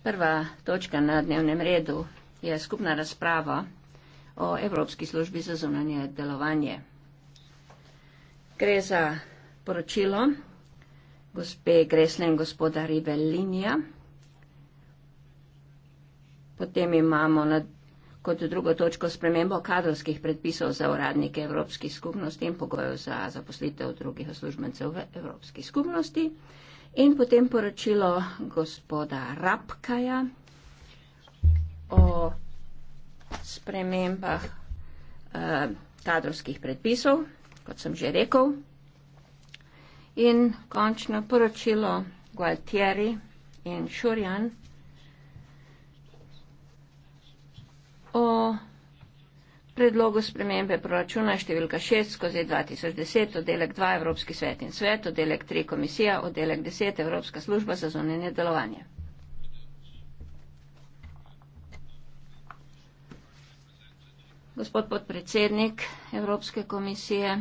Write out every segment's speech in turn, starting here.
Prva točka na dnevnem redu je skupna razprava o Evropski službi za zunanje delovanje. Gre za poročilo gospe Gresne in gospoda Rivellinija. Potem imamo na, kot drugo točko spremembo kadrovskih predpisov za uradnike Evropskih skupnosti in pogojev za zaposlitev drugih uslužbencev v Evropski skupnosti. In potem poročilo gospoda Rapkaja o spremembah eh, kadrovskih predpisov, kot sem že rekel. In končno poročilo Gualtieri in Šurjan o predlogu spremembe proračuna številka 6 skozi 2010, oddelek 2 Evropski svet in svet, oddelek 3 komisija, oddelek 10 Evropska služba za zunanje delovanje. Gospod podpredsednik Evropske komisije,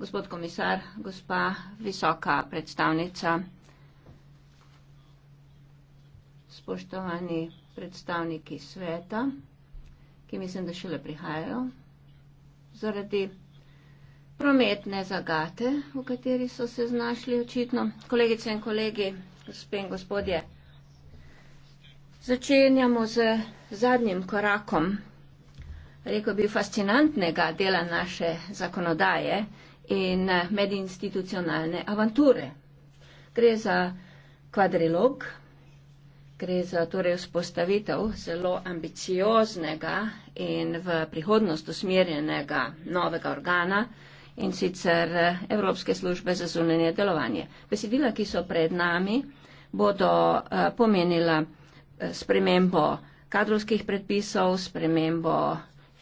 gospod komisar, gospa visoka predstavnica, spoštovani predstavniki sveta ki mislim, da šele prihajajo, zaradi prometne zagate, v kateri so se znašli očitno. Kolegice in kolegi, gospe in gospodje, začenjamo z zadnjim korakom, rekel bi, fascinantnega dela naše zakonodaje in eh, medinstitucionalne avanture. Gre za kvadrilog, Gre za torej vzpostavitev zelo ambicioznega in v prihodnost usmerjenega novega organa in sicer Evropske službe za zunanje delovanje. Besedila, ki so pred nami, bodo eh, pomenila eh, spremembo kadrovskih predpisov, spremembo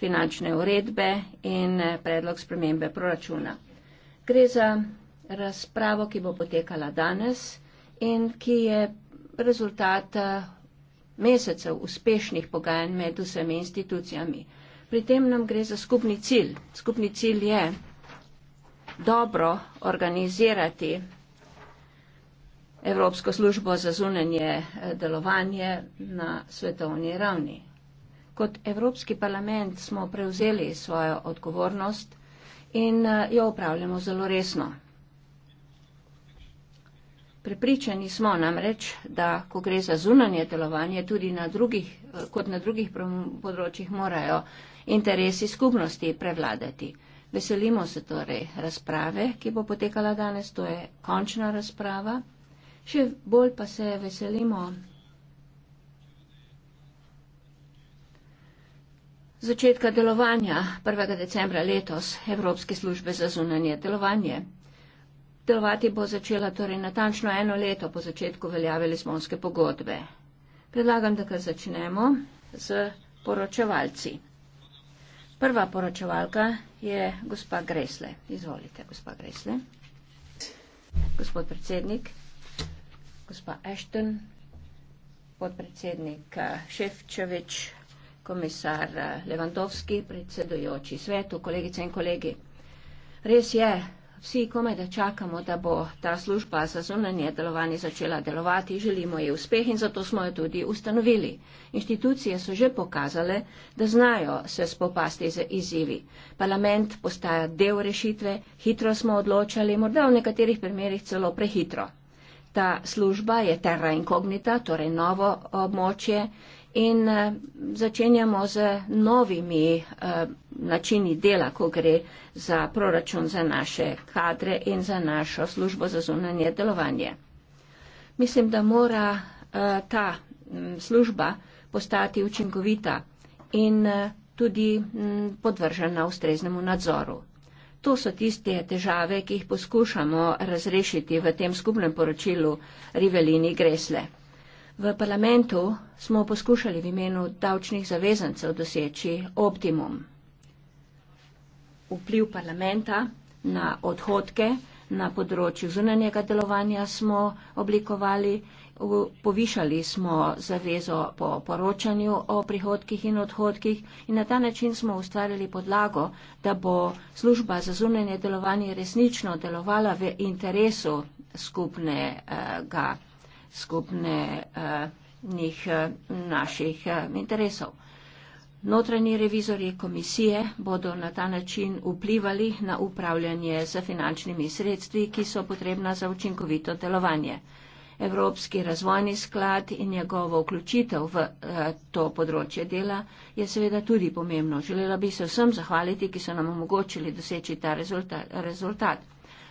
finančne uredbe in eh, predlog spremembe proračuna. Gre za razpravo, ki bo potekala danes in ki je rezultat eh, mesecev uspešnih pogajanj med vsemi institucijami. Pri tem nam gre za skupni cilj. Skupni cilj je dobro organizirati Evropsko službo za zunanje eh, delovanje na svetovni ravni. Kot Evropski parlament smo prevzeli svojo odgovornost in eh, jo upravljamo zelo resno. Prepričani smo namreč, da ko gre za zunanje delovanje, tudi na drugih, kot na drugih področjih morajo interesi skupnosti prevladati. Veselimo se torej razprave, ki bo potekala danes, to je končna razprava. Še bolj pa se veselimo začetka delovanja 1. decembra letos Evropske službe za zunanje delovanje. Delovati bo začela torej natančno eno leto po začetku veljave Lizbonske pogodbe. Predlagam, da kar začnemo z poročevalci. Prva poročevalka je gospa Gresle. Izvolite, gospa Gresle. Gospod predsednik, gospa Ashton, podpredsednik eh, Ševčevič, komisar eh, Levandovski, predsedujoči svetu, kolegice in kolegi. Res je, Vsi komaj da čakamo, da bo ta služba za zunanje delovanje začela delovati, želimo ji uspeh in zato smo jo tudi ustanovili. Inštitucije so že pokazale, da znajo se spopasti z izzivi. Parlament postaja del rešitve, hitro smo odločali, morda v nekaterih primerjih celo prehitro. Ta služba je terra incognita, torej novo območje in eh, začenjamo z novimi eh, načini dela, ko gre za proračun za naše kadre in za našo službo za zunanje delovanje. Mislim, da mora eh, ta mm, služba postati učinkovita in tudi mm, podvržena ustreznemu nadzoru. To so tiste težave, ki jih poskušamo razrešiti v tem skupnem poročilu Rivelini Gresle. V parlamentu smo poskušali v imenu davčnih zavezancev doseči optimum. Vpliv parlamenta na odhodke na področju zunanjega delovanja smo oblikovali, povišali smo zavezo po poročanju o prihodkih in odhodkih in na ta način smo ustvarjali podlago, da bo služba za zunanje delovanje resnično delovala v interesu skupnega. Eh, skupne njih eh, naših eh, interesov. Notranji revizori komisije bodo na ta način vplivali na upravljanje z finančnimi sredstvi, ki so potrebna za učinkovito delovanje. Evropski razvojni sklad in njegovo vključitev v eh, to področje dela je seveda tudi pomembno. Želela bi se vsem zahvaliti, ki so nam omogočili doseči ta rezultat. rezultat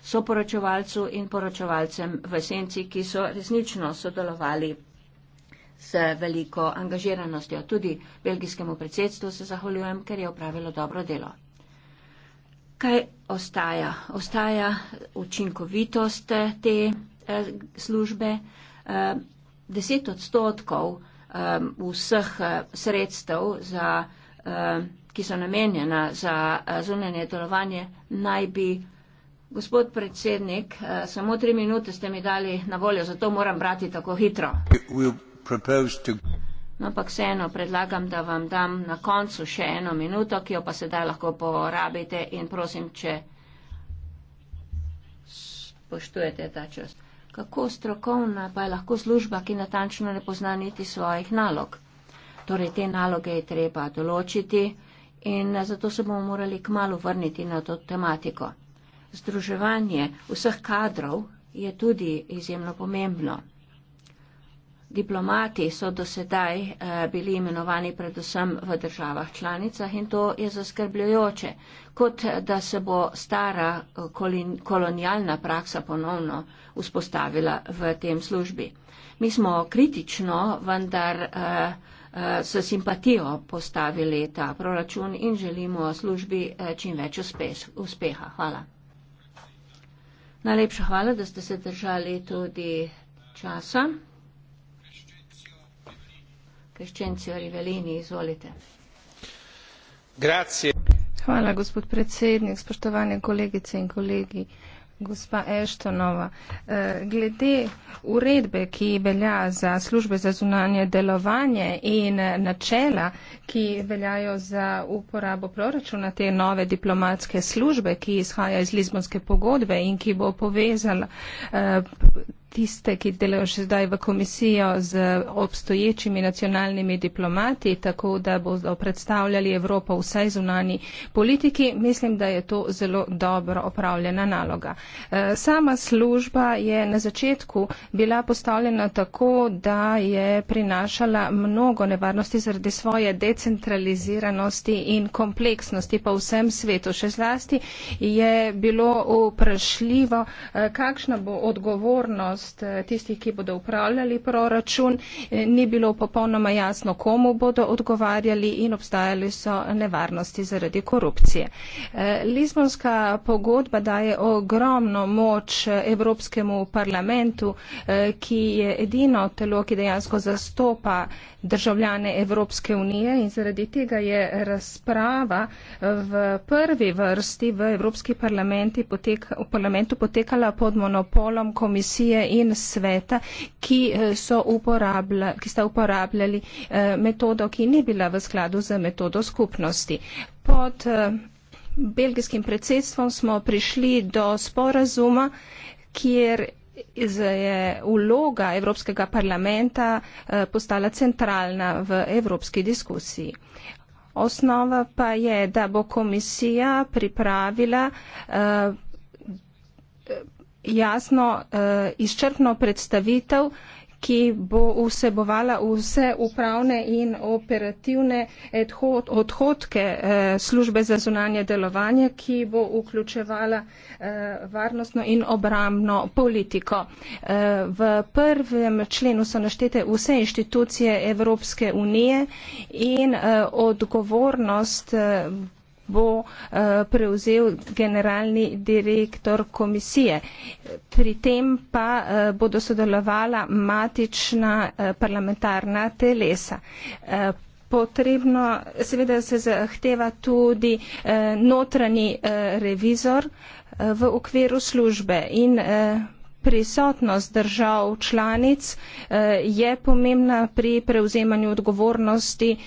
soporočevalcu in poročevalcem v senci, ki so resnično sodelovali z veliko angažiranostjo. Tudi belgijskemu predsedstvu se zahvaljujem, ker je upravilo dobro delo. Kaj ostaja? Ostaja učinkovitost eh, te eh, službe. Eh, deset odstotkov vseh sredstev, za, ki so namenjena za zunanje delovanje, naj bi Gospod predsednik, eh, samo tri minute ste mi dali na voljo, zato moram brati tako hitro. No, ampak vseeno predlagam, da vam dam na koncu še eno minuto, ki jo pa sedaj lahko porabite in prosim, če spoštujete ta čas. Kako strokovna pa je lahko služba, ki natančno ne pozna niti svojih nalog? Torej, te naloge je treba določiti in eh, zato se bomo morali k malu vrniti na to tematiko združevanje vseh kadrov je tudi izjemno pomembno. Diplomati so do sedaj eh, bili imenovani predvsem v državah članicah in to je zaskrbljujoče, kot eh, da se bo stara eh, kolonialna praksa ponovno vzpostavila v tem službi. Mi smo kritično, vendar s simpatijo postavili ta proračun in želimo službi čim več uspeha. Hvala. Najlepša hvala, da ste se držali tudi časa. Krščencijo Rivelini, izvolite. Grazie. Hvala, gospod predsednik, spoštovane kolegice in kolegi. Gospa Eštonova, eh, glede uredbe, ki velja za službe za zunanje delovanje in eh, načela, ki veljajo za uporabo proračuna te nove diplomatske službe, ki izhaja iz Lizbonske pogodbe in ki bo povezala eh, tiste, ki delajo še zdaj v komisijo z obstoječimi nacionalnimi diplomati, tako da bodo predstavljali Evropo vsaj zunani politiki, mislim, da je to zelo dobro opravljena naloga. E, sama služba je na začetku bila postavljena tako, da je prinašala mnogo nevarnosti zaradi svoje decentraliziranosti in kompleksnosti po vsem svetu. Še zlasti je bilo vprašljivo, e, kakšna bo odgovornost odgovornost eh, tistih, ki bodo upravljali proračun, eh, ni bilo popolnoma jasno, komu bodo odgovarjali in obstajali so nevarnosti zaradi korupcije. Eh, Lizbonska pogodba daje ogromno moč Evropskemu parlamentu, ki je edino telo, ki dejansko zastopa državljane Evropske unije in zaradi tega je razprava v prvi vrsti v Evropski parlamenti potek, v parlamentu potekala pod monopolom komisije in sveta, ki, eh, uporabla, ki sta uporabljali eh, metodo, ki ni bila v skladu z metodo skupnosti. Pod eh, belgijskim predsedstvom smo prišli do sporazuma, kjer je vloga Evropskega parlamenta postala centralna v evropski diskusiji. Osnova pa je, da bo komisija pripravila uh, jasno, eh, izčrpno predstavitev, ki bo vsebovala vse upravne in operativne odhodke eh, službe za zunanje delovanje, ki bo vključevala eh, varnostno in obramno politiko. V prvem členu so naštete vse inštitucije Evropske unije in odgovornost bo eh, prevzel generalni direktor komisije. Pri tem pa eh, bodo sodelovala matična eh, parlamentarna telesa. Potrebno seveda se zahteva tudi notranji revizor v okviru službe in prisotnost držav članic eh, je pomembna pri prevzemanju odgovornosti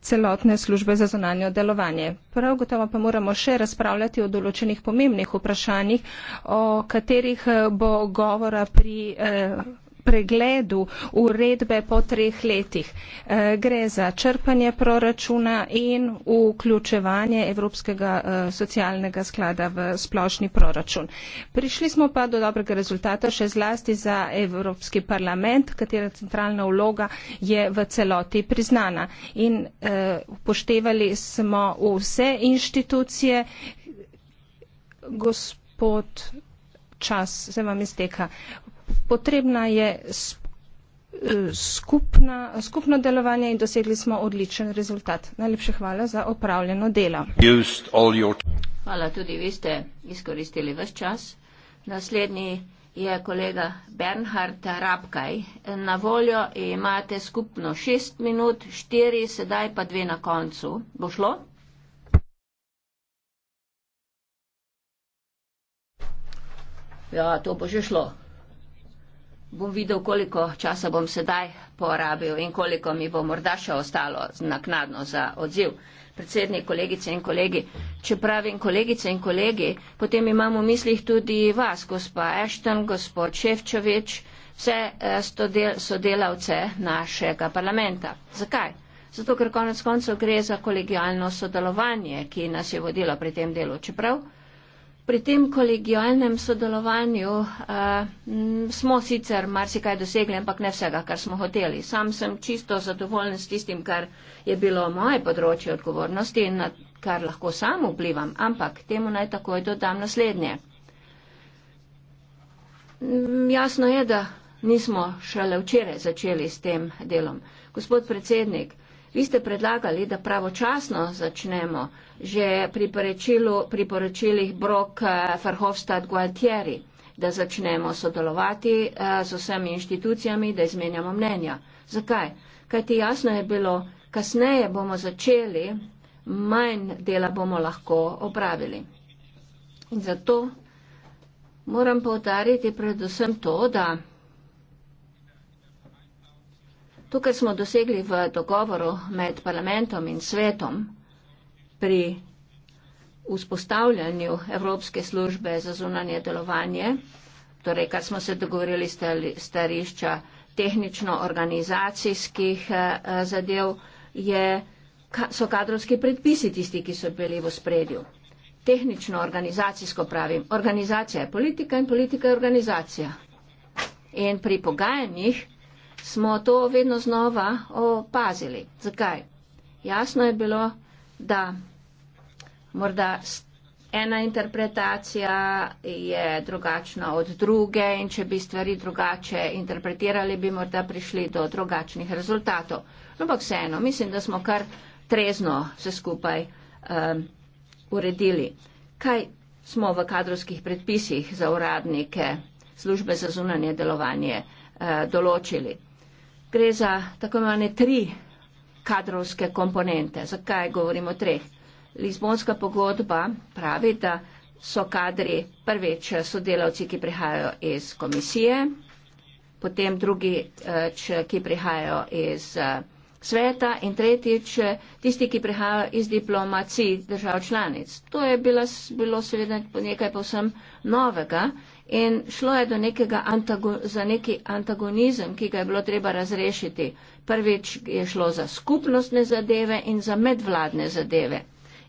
celotne službe za zonanje delovanje. Prav gotovo pa moramo še razpravljati o določenih pomembnih vprašanjih, o katerih eh, bo govora pri eh, pregledu uredbe po treh letih. Eh, gre za črpanje proračuna in vključevanje Evropskega eh, socialnega sklada v splošni proračun. Prišli smo pa do dobrega rezultata še zlasti za Evropski parlament, katera centralna vloga je v celoti priznana. In eh, upoštevali smo vse inštitucije. Gospod. Čas se vam izteka potrebna je eh, skupna, skupno delovanje in dosegli smo odličen rezultat. Najlepše hvala za opravljeno delo. Hvala, tudi vi ste izkoristili vse čas. Naslednji je kolega Bernhard Rabkaj. Na voljo imate skupno šest minut, štiri, sedaj pa dve na koncu. Bo šlo? Ja, to bo že šlo bom videl, koliko časa bom sedaj porabil in koliko mi bo morda še ostalo naknadno za odziv. Predsednik, kolegice in kolegi, če pravim kolegice in kolegi, potem imamo v mislih tudi vas, gospa Ashton, gospod Ševčovič, vse eh, sodelavce našega parlamenta. Zakaj? Zato, ker konec koncev gre za kolegijalno sodelovanje, ki nas je vodilo pri tem delu. Čeprav Pri tem kolegijalnem sodelovanju uh, smo sicer marsikaj dosegli, ampak ne vsega, kar smo hoteli. Sam sem čisto zadovoljen s tistim, kar je bilo moje področje odgovornosti in na kar lahko sam vplivam, ampak temu naj takoj dodam naslednje. Jasno je, da nismo šele včeraj začeli s tem delom. Gospod predsednik, vi ste predlagali, da pravočasno začnemo uh, že pri priporočilih Brok Farhofstad eh, Gualtieri, da začnemo sodelovati eh, z vsemi inštitucijami, da izmenjamo mnenja. Zakaj? Kaj ti jasno je bilo, kasneje bomo začeli, manj dela bomo lahko opravili. In zato moram povdariti predvsem to, da tukaj smo dosegli v dogovoru med parlamentom in svetom, pri vzpostavljanju Evropske službe za zunanje delovanje, torej kar smo se dogovorili iz starišča tehnično-organizacijskih eh, eh, zadev, je, so kadrovski predpisi tisti, ki so bili v spredju. Tehnično-organizacijsko pravim, organizacija je politika in politika je organizacija. In pri pogajanjih smo to vedno znova opazili. Zakaj? Jasno je bilo, da morda ena interpretacija je drugačna od druge in če bi stvari drugače interpretirali, bi morda prišli do drugačnih rezultatov. Ampak vseeno, mislim, da smo kar trezno se skupaj um, uredili. Kaj smo v kadrovskih predpisih za uradnike službe za zunanje delovanje uh, določili? Gre za tako imenovane tri kadrovske komponente. Zakaj govorimo o treh? Lizbonska pogodba pravi, da so kadri prvič sodelavci, ki prihajajo iz komisije, potem drugi, eh, ki prihajajo iz eh, sveta in tretjič eh, tisti, ki prihajajo iz diplomacij držav članic. To je bila, bilo seveda nekaj povsem novega in šlo je do nekega antago, za neki antagonizem, ki ga je bilo treba razrešiti. Prvič je šlo za skupnostne zadeve in za medvladne zadeve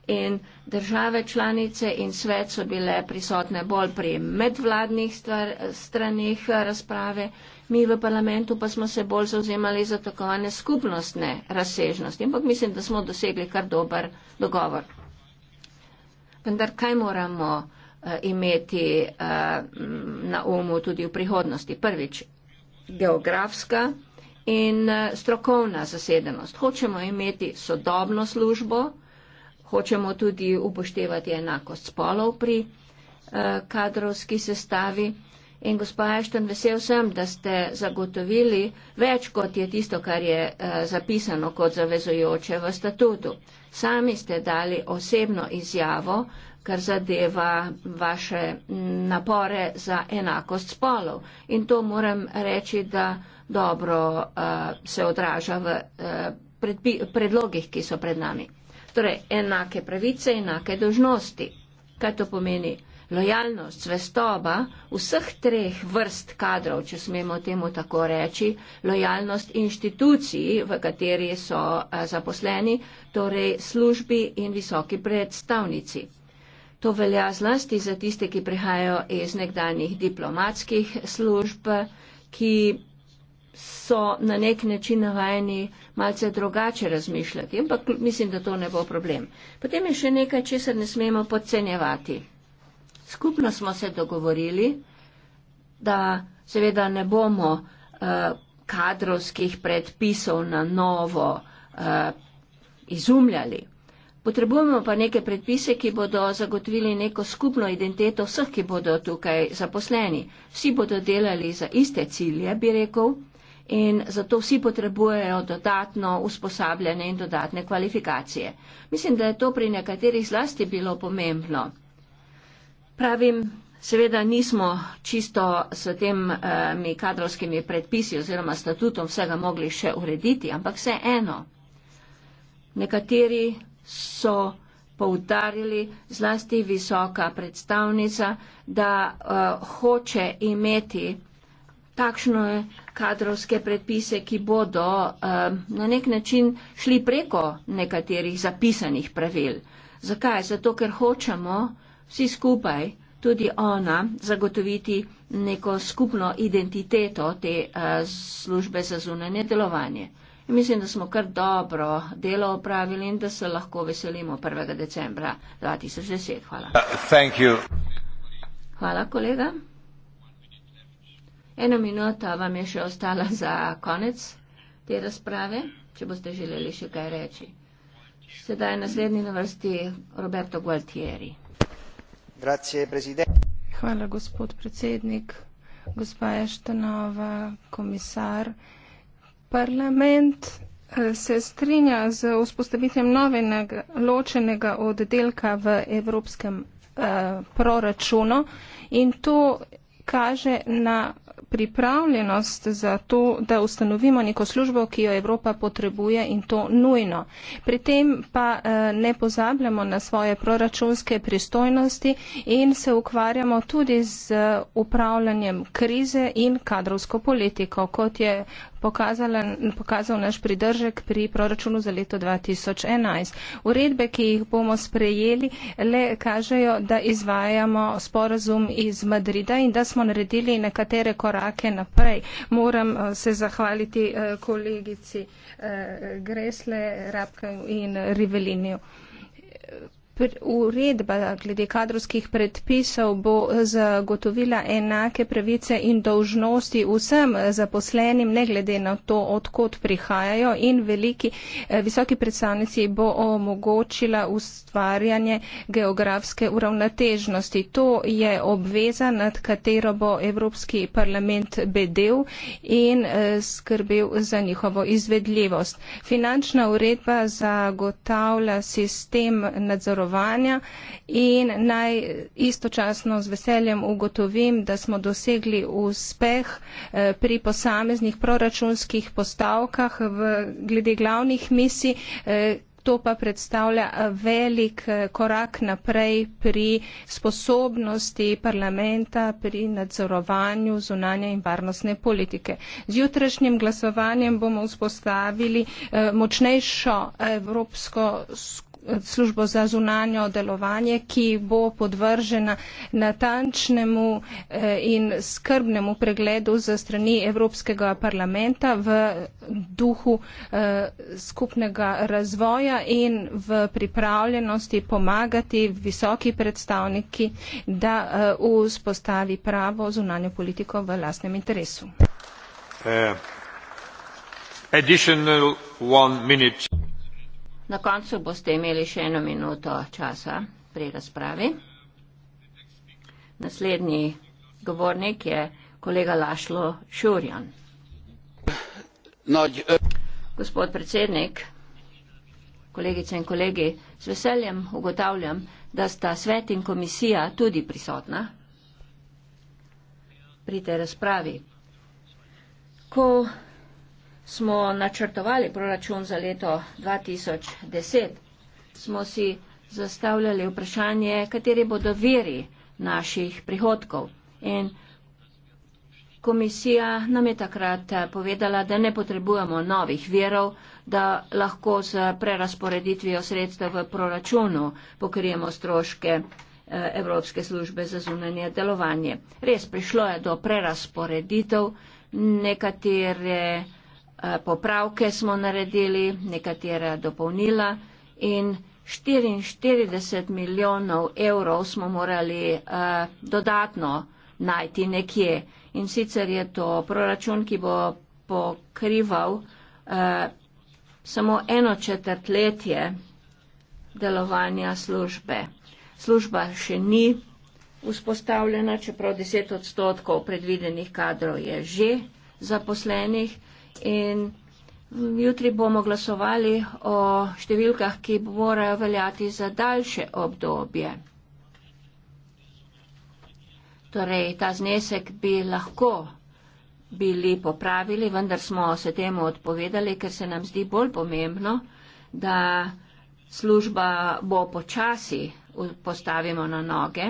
in države članice in svet so bile prisotne bolj pri medvladnih stvar, stranih eh, razprave, mi v parlamentu pa smo se bolj zauzemali za takovane skupnostne razsežnosti, ampak mislim, da smo dosegli kar dober dogovor. Vendar kaj moramo uh, imeti uh, na umu tudi v prihodnosti? Prvič, geografska in uh, strokovna zasedenost. Hočemo imeti sodobno službo, hočemo tudi upoštevati enakost spolov pri eh, kadrovski sestavi. In gospod Ešten, vesel sem, da ste zagotovili več, kot je tisto, kar je eh, zapisano kot zavezojoče v statutu. Sami ste dali osebno izjavo, kar zadeva vaše napore za enakost spolov. In to moram reči, da dobro eh, se odraža v eh, predlogih, ki so pred nami. Torej, enake pravice, enake dožnosti. Kaj to pomeni? Lojalnost, svestoba vseh treh vrst kadrov, če smemo temu tako reči, lojalnost inštituciji, v kateri so eh, zaposleni, torej službi in visoki predstavnici. To velja zlasti za tiste, ki prihajajo iz nekdanjih diplomatskih služb, ki so na nek način navajeni malce drugače razmišljati, ampak mislim, da to ne bo problem. Potem je še nekaj, česar ne smemo podcenjevati. Skupno smo se dogovorili, da seveda ne bomo uh, kadrovskih predpisov na novo uh, izumljali. Potrebujemo pa neke predpise, ki bodo zagotovili neko skupno identiteto vseh, ki bodo tukaj zaposleni. Vsi bodo delali za iste cilje, bi rekel in zato vsi potrebujejo dodatno usposabljanje in dodatne kvalifikacije. Mislim, da je to pri nekaterih zlasti bilo pomembno. Pravim, seveda nismo čisto s temi eh, kadrovskimi predpisi oziroma statutom vsega mogli še urediti, ampak vse eno. Nekateri so poudarili zlasti visoka predstavnica, da eh, hoče imeti takšne kadrovske predpise, ki bodo eh, na nek način šli preko nekaterih zapisanih pravil. Zakaj? Zato, ker hočemo vsi skupaj, tudi ona, zagotoviti neko skupno identiteto te eh, službe za zunanje delovanje. In mislim, da smo kar dobro delo opravili in da se lahko veselimo 1. decembra 2010. Hvala. Uh, Hvala, kolega. Eno minuto vam je še ostala za konec te razprave, če boste želeli še kaj reči. Sedaj je naslednji na vrsti Roberto Gualtieri. Hvala, gospod predsednik, gospa Eštenova, komisar. Parlament eh, se strinja z vzpostavitvem novega ločenega oddelka v evropskem eh, proračunu in to kaže na pripravljenost za to, da ustanovimo neko službo, ki jo Evropa potrebuje in to nujno. Pri tem pa eh, ne pozabljamo na svoje proračunske pristojnosti in se ukvarjamo tudi z upravljanjem krize in kadrovsko politiko, kot je pokazal naš pridržek pri proračunu za leto 2011. Uredbe, ki jih bomo sprejeli, le kažejo, da izvajamo sporazum iz Madrida in da smo naredili nekatere korake naprej. Moram eh, se zahvaliti eh, kolegici eh, Gresle, Rabka in Riveliniju. Uredba glede kadrovskih predpisov bo zagotovila enake pravice in dolžnosti vsem zaposlenim, ne glede na to, odkot prihajajo in veliki, eh, visoki predstavnici bo omogočila ustvarjanje geografske uravnotežnosti. To je obveza, nad katero bo Evropski parlament bedel in eh, skrbel za njihovo izvedljivost. Finančna uredba zagotavlja sistem nadzorovanja sodelovanja in naj istočasno z veseljem ugotovim, da smo dosegli uspeh eh, pri posameznih proračunskih postavkah v, glede glavnih misij. Eh, to pa predstavlja eh, velik korak naprej pri sposobnosti parlamenta pri nadzorovanju zunanja in varnostne politike. Z jutrašnjim glasovanjem bomo vzpostavili močnejšo evropsko skupnost službo za zunanje delovanje, ki bo podvržena natančnemu eh, in skrbnemu pregledu za strani Evropskega parlamenta v duhu eh, skupnega razvoja in v pripravljenosti pomagati visoki predstavniki, da eh, vzpostavi pravo zunanje politiko v lastnem interesu. Uh, additional one minute. Na koncu boste imeli še eno minuto časa pri razpravi. Naslednji govornik je kolega Lašlo Šurjan. No, eh. Gospod predsednik, kolegice in kolegi, s veseljem ugotavljam, da sta svet in komisija tudi prisotna pri tej razpravi. Ko smo načrtovali proračun za leto 2010, smo si zastavljali vprašanje, kateri bodo veri naših prihodkov. In komisija nam je takrat povedala, da ne potrebujemo novih verov, da lahko z prerasporeditvijo sredstev v proračunu pokrijemo stroške eh, Evropske službe za zunanje delovanje. Res prišlo je do prerasporeditev, nekatere Eh, popravke smo naredili, nekatera dopolnila in 44 milijonov evrov smo morali eh, dodatno najti nekje. In sicer je to proračun, ki bo pokrival eh, samo eno četrtletje delovanja službe. Služba še ni vzpostavljena, čeprav 10 odstotkov predvidenih kadrov je že zaposlenih in jutri bomo glasovali o številkah, ki morajo veljati za daljše obdobje. Torej, ta znesek bi lahko bili popravili, vendar smo se temu odpovedali, ker se nam zdi bolj pomembno, da služba bo počasi postavimo na noge,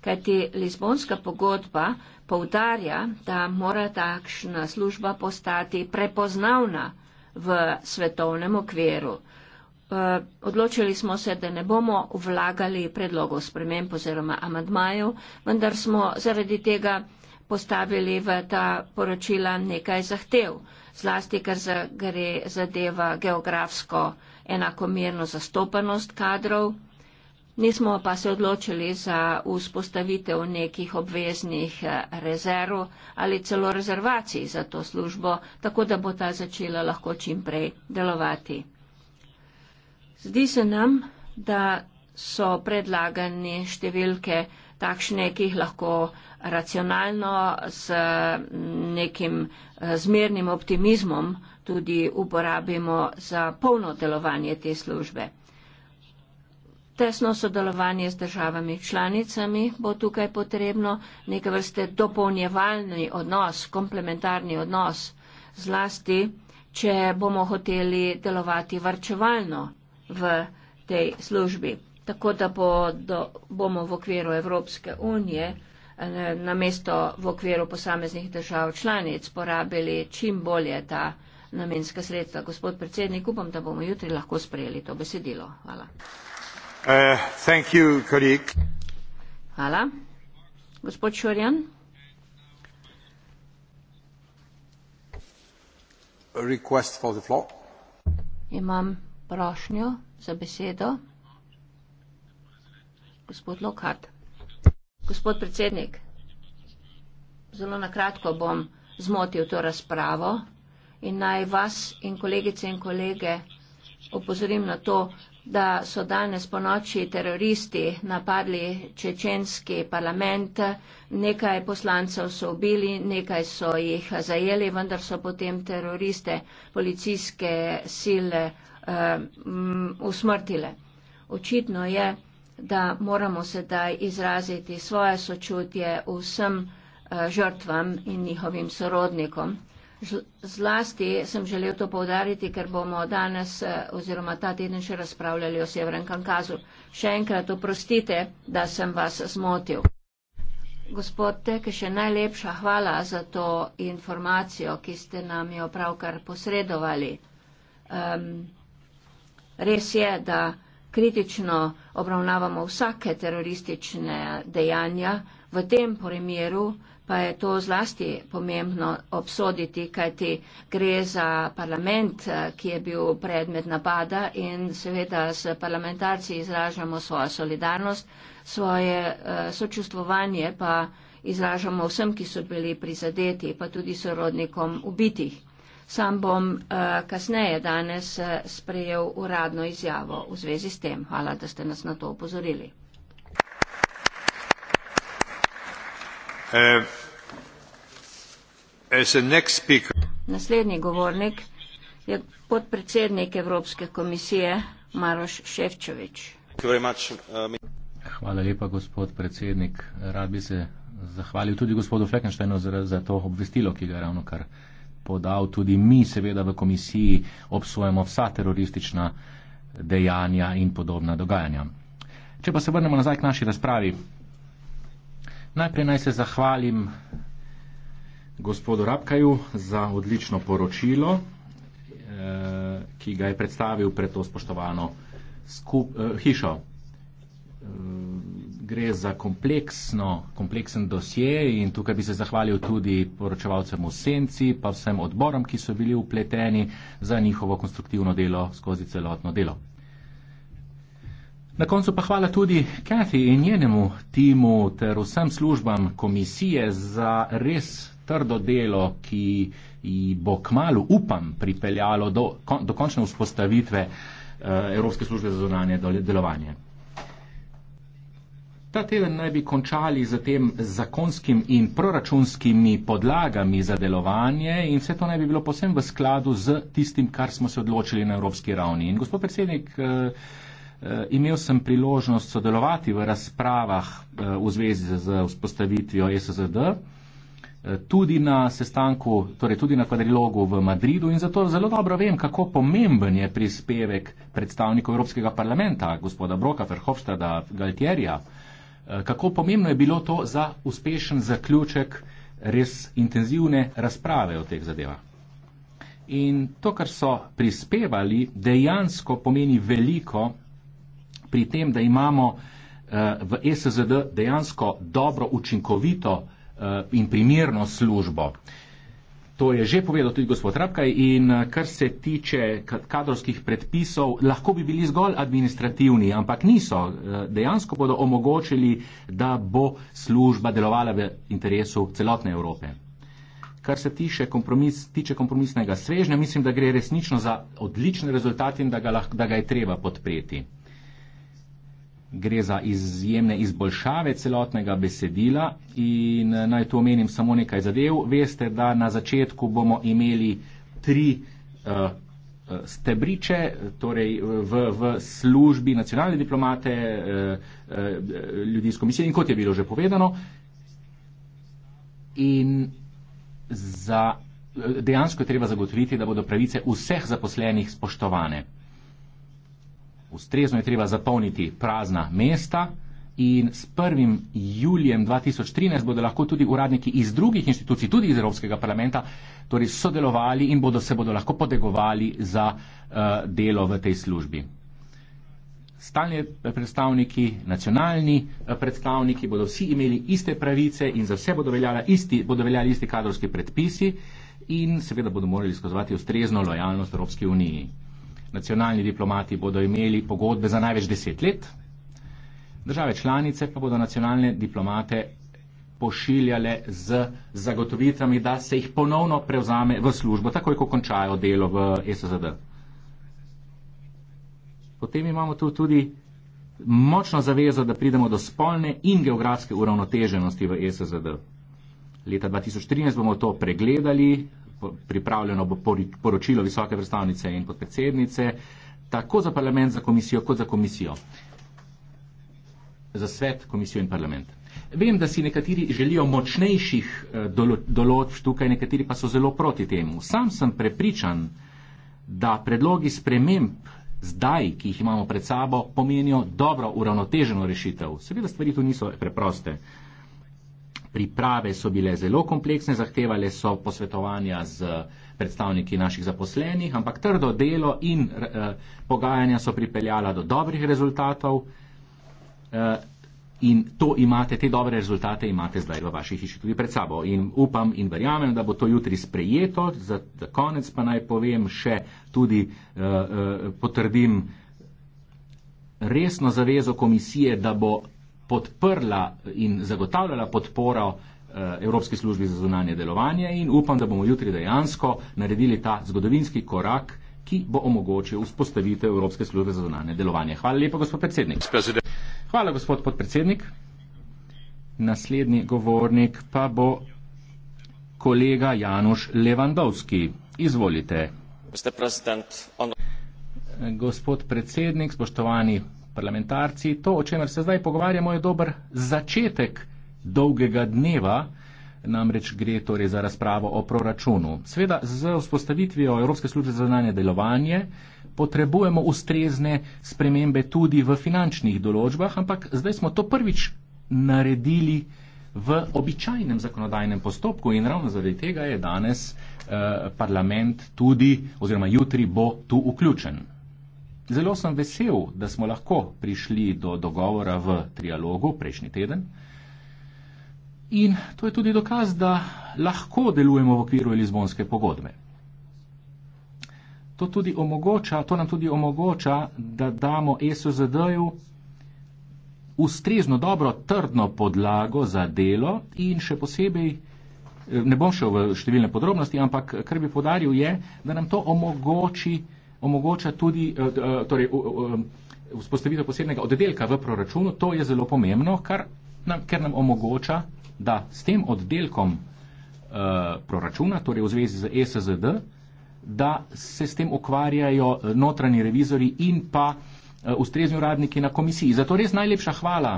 kajti Lizbonska pogodba poudarja, da mora takšna služba postati prepoznavna v svetovnem okviru. Eh, odločili smo se, da ne bomo vlagali predlogov sprememb oziroma amadmajev, vendar smo zaradi tega postavili v ta poročila nekaj zahtev, zlasti ker gre zadeva geografsko enakomerno zastopanost kadrov. Nismo pa se odločili za vzpostavitev nekih obveznih eh, rezerv ali celo rezervacij za to službo, tako da bo ta začela lahko čim prej delovati. Zdi se nam, da so predlagane številke takšne, ki jih lahko racionalno z mm, nekim eh, zmernim optimizmom tudi uporabimo za polno delovanje te službe. Tesno sodelovanje z državami članicami bo tukaj potrebno, neke vrste dopolnjevalni odnos, komplementarni odnos, zlasti, če bomo hoteli delovati varčevalno v tej službi. Tako da bo, do, bomo v okviru Evropske unije eh, na mesto v okviru posameznih držav članic porabili čim bolje ta namenska sredstva. Gospod predsednik, upam, da bomo jutri lahko sprejeli to besedilo. Hvala. Uh, imam prošnjo za besedo gospod lockart gospod predsednik zelo na kratko bom zmotil to razpravo in naj vas in kolegice in kolege opozorim na to da so danes po noči teroristi napadli čečenski parlament, nekaj poslancev so ubili, nekaj so jih zajeli, vendar so potem teroriste policijske sile um, usmrtile. Očitno je, da moramo sedaj izraziti svoje sočutje vsem uh, žrtvam in njihovim sorodnikom. Zlasti sem želel to povdariti, ker bomo danes eh, oziroma ta teden še razpravljali o Severnem Kankazu. Še enkrat oprostite, da sem vas zmotil. Gospod Teke, še najlepša hvala za to informacijo, ki ste nam jo pravkar posredovali. Um, res je, da kritično obravnavamo vsake teroristične dejanja v tem primeru pa je to zlasti pomembno obsoditi, kajti gre za parlament, eh, ki je bil predmet napada in seveda s parlamentarci izražamo svojo solidarnost, svoje eh, sočustvovanje pa izražamo vsem, ki so bili prizadeti, pa tudi sorodnikom ubitih. Sam bom eh, kasneje danes sprejel uradno izjavo v zvezi s tem. Hvala, da ste nas na to opozorili. Eh. Naslednji govornik je podpredsednik Evropske komisije Maroš Ševčovič. Uh, Hvala lepa, gospod predsednik. Rad bi se zahvalil tudi gospodu Fleckensteinu za, za to obvestilo, ki ga je ravno kar podal. Tudi mi seveda v komisiji obsojamo vsa teroristična dejanja in podobna dogajanja. Če pa se vrnemo nazaj k naši razpravi. Najprej naj se zahvalim gospodu Rabkaju za odlično poročilo, eh, ki ga je predstavil pred to spoštovano skup, eh, hišo. Eh, gre za kompleksno, kompleksen dosje in tukaj bi se zahvalil tudi poročevalcem v Senci, pa vsem odborom, ki so bili upleteni za njihovo konstruktivno delo skozi celotno delo. Na koncu pa hvala tudi Kathy in njenemu timu ter vsem službam komisije za res trdo delo, ki bo kmalo, upam, pripeljalo do, do končne vzpostavitve eh, Evropske službe za zunanje delovanje. Ta teden naj bi končali z tem zakonskim in proračunskimi podlagami za delovanje in vse to naj bi bilo posem v skladu z tistim, kar smo se odločili na evropski ravni. In gospod predsednik, eh, eh, imel sem priložnost sodelovati v razpravah v zvezi z vzpostavitvijo e SZD. Eh, tudi na sestanku, torej tudi na kvadrilogu v Madridu in zato zelo dobro vem, kako pomemben je prispevek predstavnikov Evropskega parlamenta, gospoda Broka, Verhofstada, Galtjerja, eh, kako pomembno je bilo to za uspešen zaključek res intenzivne razprave o teh zadevah. In to, kar so prispevali, dejansko pomeni veliko pri tem, da imamo eh, v e SZD dejansko dobro učinkovito Eh, in primerno službo. To je že povedal tudi gospod Rabkaj in eh, kar se tiče kadrovskih predpisov, lahko bi bili zgolj administrativni, ampak niso. Eh, dejansko bodo omogočili, da bo služba delovala v interesu celotne Evrope. Kar se tiče, kompromis, tiče kompromisnega svežnja, mislim, da gre resnično za odlične rezultate in da ga, lahko, da ga je treba podpreti gre za izjemne izboljšave celotnega besedila in eh, naj tu omenim samo nekaj zadev. Veste, da na začetku bomo imeli tri uh, stebriče, torej v, v službi nacionalne diplomate, uh, uh, ljudi s komisije in kot je bilo že povedano. In za, dejansko je treba zagotoviti, da bodo pravice vseh zaposlenih spoštovane. Ustrezno je treba zapolniti prazna mesta in s 1. julijem 2013 bodo lahko tudi uradniki iz drugih inštitucij, tudi iz Evropskega parlamenta, torej sodelovali in bodo se bodo lahko podegovali za uh, delo v tej službi. Stalni eh, predstavniki, nacionalni eh, predstavniki bodo vsi imeli iste pravice in za vse bodo veljali isti, bodo veljali isti kadrovski predpisi in seveda bodo morali izkazovati ustrezno lojalnost Evropske unije nacionalni diplomati bodo imeli pogodbe za največ deset let, države članice pa bodo nacionalne diplomate pošiljale z zagotovitvami, da se jih ponovno prevzame v službo, takoj ko končajo delo v e SZD. Potem imamo tu tudi močno zavezo, da pridemo do spolne in geografske uravnoteženosti v e SZD. Leta 2013 bomo to pregledali, pripravljeno bo poročilo visoke predstavnice in podpredsednice, tako za parlament, za komisijo, kot za komisijo. Za svet, komisijo in parlament. Vem, da si nekateri želijo močnejših eh, določb tukaj, nekateri pa so zelo proti temu. Sam sem prepričan, da predlogi sprememb zdaj, ki jih imamo pred sabo, pomenijo dobro uravnoteženo rešitev. Seveda stvari tu niso preproste priprave so bile zelo kompleksne, zahtevale so posvetovanja z predstavniki naših zaposlenih, ampak trdo delo in eh, pogajanja so pripeljala do dobrih rezultatov. Eh, In to imate, te dobre rezultate imate zdaj v vaši hiši tudi pred sabo. In upam in verjamem, da bo to jutri sprejeto. Za, za konec pa naj povem še tudi, uh, uh, potrdim resno zavezo komisije, da bo podprla in zagotavljala podporo eh, Evropski službi za zunanje delovanje in upam, da bomo jutri dejansko naredili ta zgodovinski korak, ki bo omogočil vzpostavitev Evropske službe za zunanje delovanje. Hvala lepa, gospod predsednik. Hvala, gospod podpredsednik. Naslednji govornik pa bo kolega Januš Levandovski. Izvolite. Gospod predsednik, spoštovani parlamentarci. To, o čemer se zdaj pogovarjamo, je dober začetek dolgega dneva, namreč gre torej za razpravo o proračunu. Sveda, z vzpostavitvijo Evropske službe za znanje delovanje potrebujemo ustrezne spremembe tudi v finančnih določbah, ampak zdaj smo to prvič naredili v običajnem zakonodajnem postopku in ravno zaradi tega je danes eh, parlament tudi oziroma jutri bo tu vključen. Zelo sem vesel, da smo lahko prišli do dogovora v trialogu prejšnji teden. In to je tudi dokaz, da lahko delujemo v okviru Lizbonske pogodbe. To, tudi omogoča, to nam tudi omogoča, da damo e SOZD-ju ustrezno, dobro, trdno podlago za delo in še posebej, eh, ne bom šel v številne podrobnosti, ampak kar bi podaril je, da nam to omogoči omogoča tudi eh, eh, torej, um, vzpostavitev posebnega oddelka v proračunu. To je zelo pomembno, nam, ker nam omogoča, da s tem oddelkom eh, proračuna, torej v zvezi z e SZD, da se s tem ukvarjajo notranji revizori in pa ustrezni uradniki na komisiji. Zato res najlepša hvala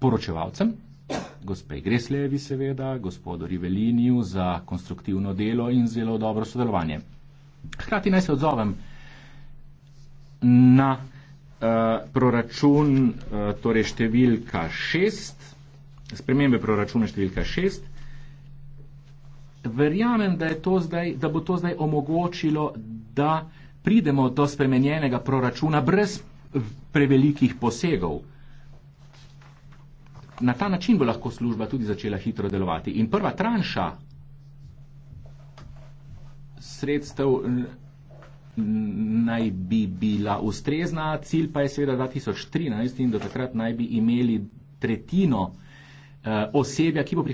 poročevalcem, gospe Greslevi seveda, gospodu Riveliniju za konstruktivno delo in zelo dobro sodelovanje. Hkrati naj se odzovem na uh, proračun, uh, torej številka 6, spremembe proračuna številka 6. Verjamem, da, zdaj, da bo to zdaj omogočilo, da pridemo do spremenjenega proračuna brez eh, prevelikih posegov. Na ta način bo lahko služba tudi začela hitro delovati. In prva tranša sredstev naj bi bila ustrezna, cilj pa je seveda 2013 in do takrat naj bi imeli tretjino eh, osebja, ki bo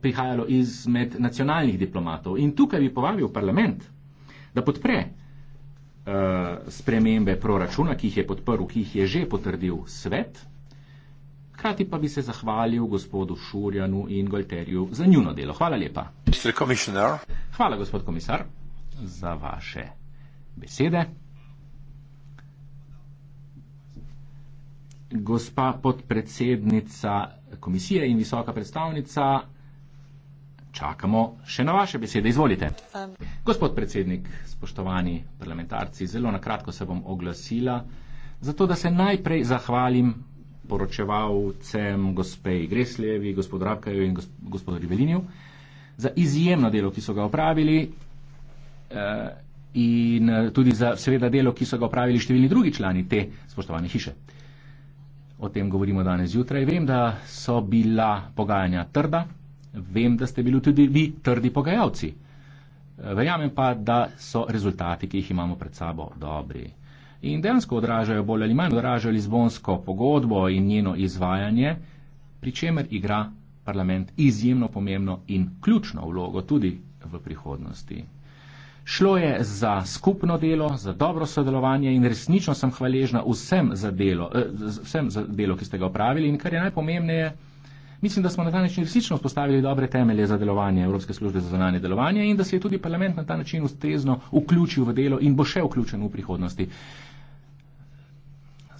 prihajalo iz med nacionalnih diplomatov. In tukaj bi povabil parlament, da podpre eh, spremembe proračuna, ki jih je podprl, ki jih je že potrdil svet, hkrati pa bi se zahvalil gospodu Šurjanu in Golterju za njuno delo. Hvala lepa. Hvala, gospod komisar, za vaše besede. Gospa podpredsednica komisije in visoka predstavnica, čakamo še na vaše besede. Izvolite. Gospod predsednik, spoštovani parlamentarci, zelo na kratko se bom oglasila, zato da se najprej zahvalim poročevalcem gospe Greslevi, gospodu Rakaju in gospodu Riveliniju za izjemno delo, ki so ga opravili. Eh, in eh, tudi za seveda delo, ki so ga opravili številni drugi člani te spoštovane hiše. O tem govorimo danes zjutraj. Vem, da so bila pogajanja trda, vem, da ste bili tudi vi trdi pogajalci. Eh, verjamem pa, da so rezultati, ki jih imamo pred sabo, dobri. In dejansko odražajo bolj ali manj, odražajo Lizbonsko pogodbo in njeno izvajanje, pri čemer igra parlament izjemno pomembno in ključno vlogo tudi v prihodnosti. Šlo je za skupno delo, za dobro sodelovanje in resnično sem hvaležna vsem za delo, eh, vsem za delo ki ste ga opravili. In kar je najpomembnejše, mislim, da smo na ta način resnično vzpostavili dobre temelje za delovanje Evropske službe za zvonanje delovanje in da se je tudi parlament na ta način ustrezno vključil v delo in bo še vključen v prihodnosti.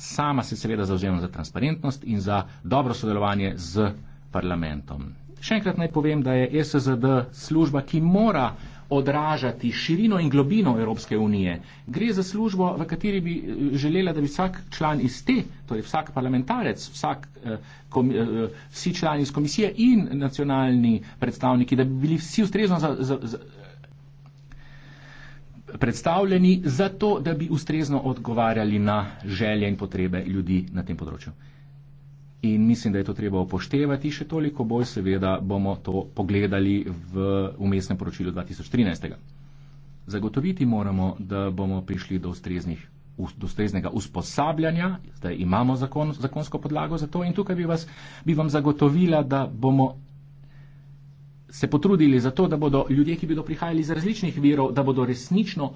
Sama se seveda zauzemam za transparentnost in za dobro sodelovanje z parlamentom. Še enkrat naj povem, da je SZD služba, ki mora odražati širino in globino Evropske unije. Gre za službo, v kateri bi eh, želela, da bi vsak član iz te, torej vsak parlamentarec, vsak, eh, kom, eh, vsi člani iz komisije in nacionalni predstavniki, da bi bili vsi ustrezno za, za, za, predstavljeni za to, da bi ustrezno odgovarjali na želje in potrebe ljudi na tem področju in mislim, da je to treba upoštevati, še toliko bolj seveda bomo to pogledali v umestnem poročilu 2013. Zagotoviti moramo, da bomo prišli do ustreznih do ustreznega usposabljanja, zdaj imamo zakon, zakonsko podlago za to in tukaj bi, vas, bi vam zagotovila, da bomo se potrudili za to, da bodo ljudje, ki bodo prihajali iz različnih virov, da bodo resnično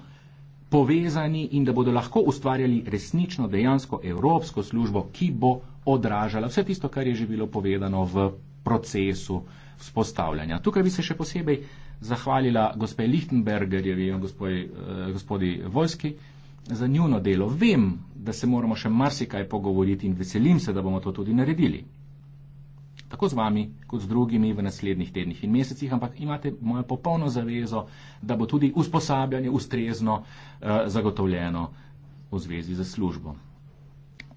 povezani in da bodo lahko ustvarjali resnično dejansko evropsko službo, ki bo odražala vse tisto, kar je že bilo povedano v procesu vzpostavljanja. Tukaj bi se še posebej zahvalila gospe Lichtenbergerjevi in eh, gospodi Vojski za njuno delo. Vem, da se moramo še marsikaj pogovoriti in veselim se, da bomo to tudi naredili. Tako z vami, kot z drugimi v naslednjih tednih in mesecih, ampak imate mojo popolno zavezo, da bo tudi usposabljanje ustrezno eh, zagotovljeno v zvezi z službo.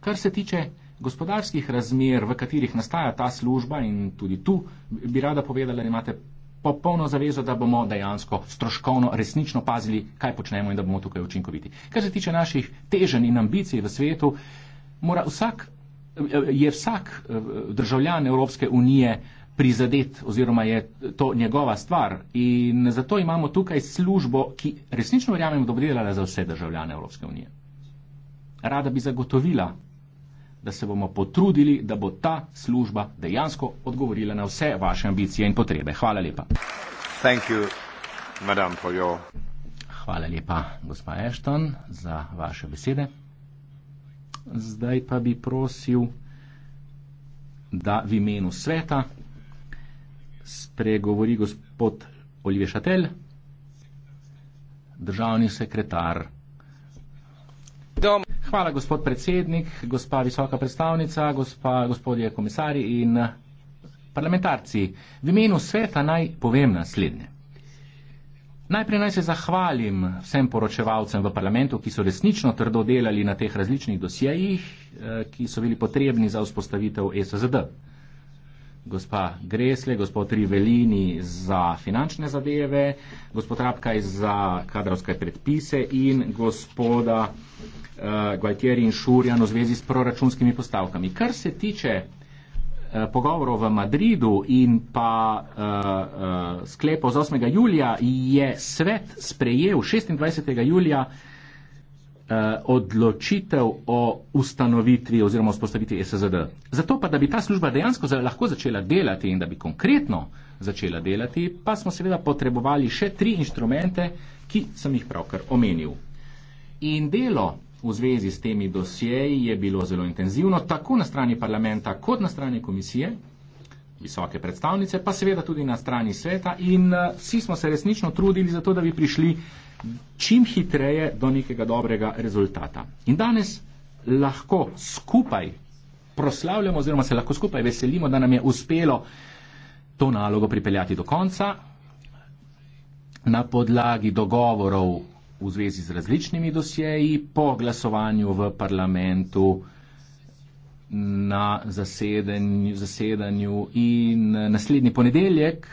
Kar se tiče gospodarskih razmer, v katerih nastaja ta služba in tudi tu bi rada povedala, da imate popolno zavezo, da bomo dejansko stroškovno resnično pazili, kaj počnemo in da bomo tukaj učinkoviti. Kar se tiče naših teženj in ambicij v svetu, mora vsak, je vsak eh, državljan Evropske unije prizadet oziroma je to njegova stvar in zato imamo tukaj službo, ki resnično verjamem, da bo delala za vse državljane Evropske unije. Rada bi zagotovila da se bomo potrudili, da bo ta služba dejansko odgovorila na vse vaše ambicije in potrebe. Hvala lepa. You, madam, your... Hvala lepa, gospa Ashton, za vaše besede. Zdaj pa bi prosil, da v imenu sveta spregovori gospod Olivier Šatel, državni sekretar. Dom. Hvala, gospod predsednik, gospa visoka predstavnica, gospa, gospodje komisari in parlamentarci. V imenu sveta naj povem naslednje. Najprej naj se zahvalim vsem poročevalcem v parlamentu, ki so resnično trdo delali na teh različnih dosjejih, eh, ki so bili potrebni za vzpostavitev e SZD gospa Gresle, gospod Rivelini za finančne zadeve, gospod Rapkaj za kadrovske predpise in gospoda uh, Gualtieri in Šurjan v zvezi s proračunskimi postavkami. Kar se tiče eh, pogovorov v Madridu in pa uh, uh, sklepov z 8. julija je svet sprejel 26. julija uh, Eh, odločitev o ustanovitvi oziroma vzpostavitvi SZD. Zato pa, da bi ta služba dejansko lahko začela delati in da bi konkretno začela delati, pa smo seveda potrebovali še tri inštrumente, ki sem jih pravkar omenil. In delo v zvezi s temi dosjeji je bilo zelo intenzivno, tako na strani parlamenta, kot na strani komisije, visoke predstavnice, pa seveda tudi na strani sveta in eh, vsi smo se resnično trudili za to, da bi prišli čim hitreje do nekega dobrega rezultata. In danes lahko skupaj proslavljamo oziroma se lahko skupaj veselimo, da nam je uspelo to nalogo pripeljati do konca na podlagi dogovorov v zvezi z različnimi dosjeji, po glasovanju v parlamentu, na zasedanju, zasedanju in naslednji ponedeljek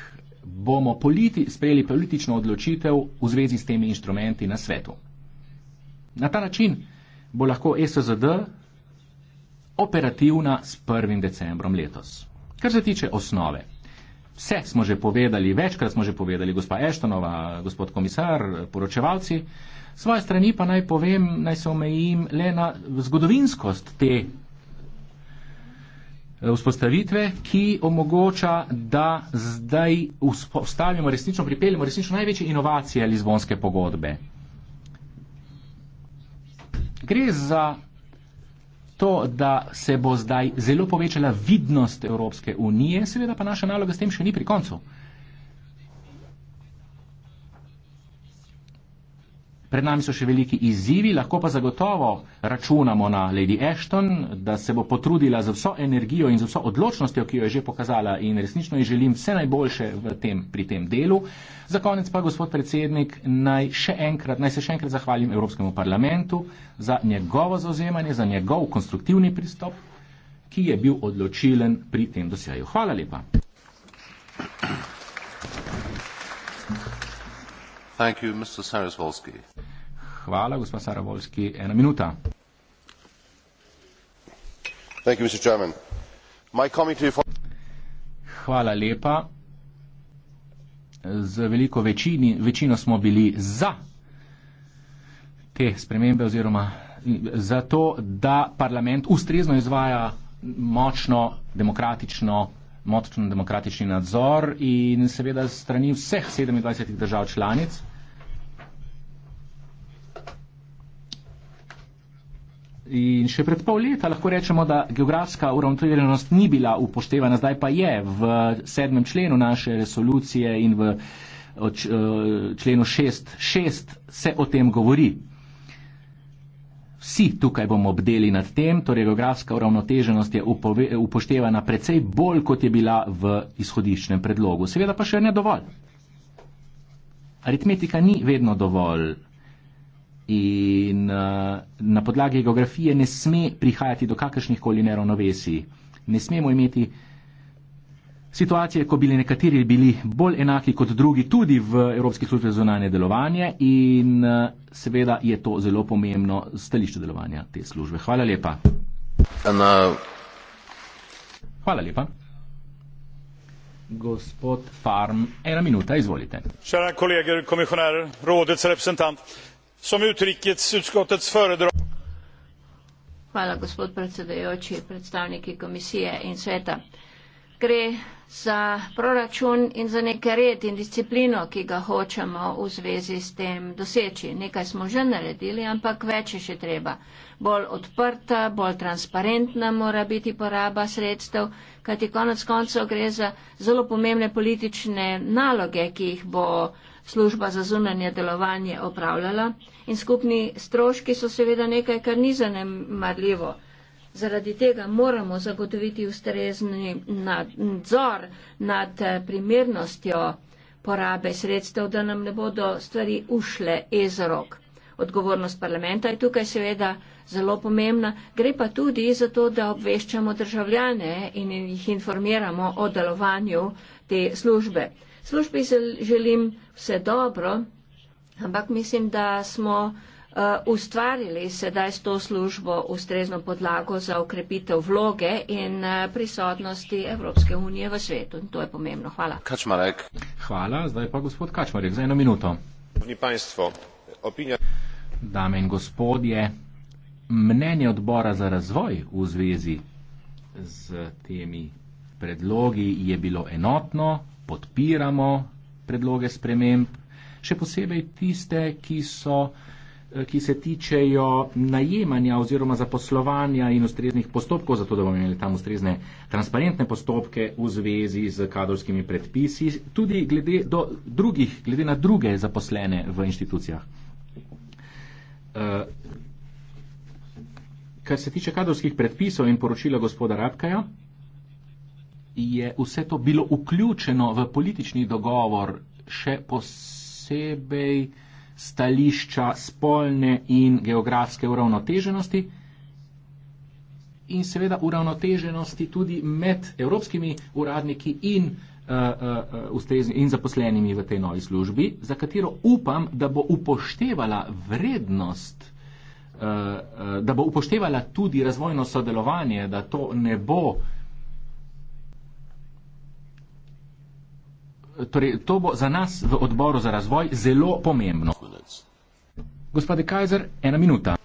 bomo politi sprejeli politično odločitev v zvezi s temi inštrumenti na svetu. Na ta način bo lahko e SZD operativna s 1. decembrom letos. Kar se tiče osnove, vse smo že povedali, večkrat smo že povedali, gospa Eštonova, gospod komisar, poročevalci, svoje strani pa naj povem, naj se omejim le na zgodovinskost te Eh, vzpostavitve, ki omogoča, da zdaj vzpostavimo resnično, pripeljemo resnično največje inovacije Lizbonske pogodbe. Gre za to, da se bo zdaj zelo povečala vidnost Evropske unije, seveda pa naša naloga s tem še ni pri koncu. Uh, Pred nami so še veliki izzivi, lahko pa zagotovo računamo na Lady Ashton, da se bo potrudila z vso energijo in z vso odločnostjo, ki jo je že pokazala in resnično ji želim vse najboljše tem, pri tem delu. Za konec pa, gospod predsednik, naj, enkrat, naj se še enkrat zahvalim Evropskemu parlamentu za njegovo zauzemanje, za njegov konstruktivni pristop, ki je bil odločilen pri tem dosjeju. Hvala lepa. Thank you, Mr. Saraswalski. Hvala, gospod Saravolski. Ena minuta. Thank you, Mr. Chairman. My committee for. Hvala lepa. Z veliko večini, večino smo bili za te spremembe oziroma za to, da parlament ustrezno izvaja močno demokratično, močno demokratični nadzor in seveda strani vseh 27 držav članic. In še pred pol leta lahko rečemo, da geografska uravnoteženost ni bila upoštevana, zdaj pa je v sedmem členu naše resolucije in v členu 6.6 se o tem govori. Vsi tukaj bomo obdeli nad tem, torej geografska uravnoteženost je upove, upoštevana precej bolj, kot je bila v izhodiščnem predlogu. Seveda pa še ne dovolj. Aritmetika ni vedno dovolj in uh, na podlagi geografije ne sme prihajati do kakršnih koli neravnovesij. Ne smemo imeti situacije, ko bili nekateri bili bolj enaki kot drugi tudi v Evropski službi za zunanje delovanje in uh, seveda je to zelo pomembno stališče delovanja te službe. Hvala lepa. Ana. Uh, Hvala lepa. Gospod Farm, ena minuta, izvolite. Kolege, komisar, rodec, reprezentant som utrikesutskottets föredragande. Hvala, gospod predsedujoči, predstavniki komisije in sveta gre za proračun in za neke red in disciplino, ki ga hočemo v zvezi s tem doseči. Nekaj smo že naredili, ampak več je še treba. Bolj odprta, bolj transparentna mora biti poraba sredstev, kajti konec koncev gre za zelo pomembne politične naloge, ki jih bo služba za zunanje delovanje opravljala. In skupni stroški so seveda nekaj, kar ni zanemarljivo. Zaradi tega moramo zagotoviti ustrezni nadzor nad eh, primernostjo porabe sredstev, da nam ne bodo stvari ušle iz rok. Odgovornost parlamenta je tukaj seveda zelo pomembna. Gre pa tudi za to, da obveščamo državljane in jih informiramo o delovanju te službe. Službi želim vse dobro, ampak mislim, da smo Eh, ustvarili sedaj s to službo ustrezno podlago za ukrepitev vloge in eh, prisotnosti Evropske unije v svetu. In to je pomembno. Hvala. Kačmarek. Hvala. Zdaj pa gospod Kačmarek za eno minuto. Dame in gospodje, mnenje odbora za razvoj v zvezi z temi predlogi je bilo enotno, podpiramo predloge sprememb, še posebej tiste, ki so Eh, ki se tičejo najemanja oziroma zaposlovanja in ustreznih postopkov, zato da bomo imeli tam ustrezne transparentne postopke v zvezi z kadrovskimi predpisi, tudi glede, drugih, glede na druge zaposlene v inštitucijah. Eh, kar se tiče kadrovskih predpisov in poročila gospoda Rabkaja, je vse to bilo vključeno v politični dogovor še posebej stališča spolne in geografske uravnoteženosti in seveda uravnoteženosti tudi med evropskimi uradniki in, uh, uh, in zaposlenimi v tej novi službi, za katero upam, da bo upoštevala vrednost, uh, uh, da bo upoštevala tudi razvojno sodelovanje, da to ne bo uh, torej, to bo za nas v odboru za razvoj zelo pomembno. Gospod Kajzer, ena minuta.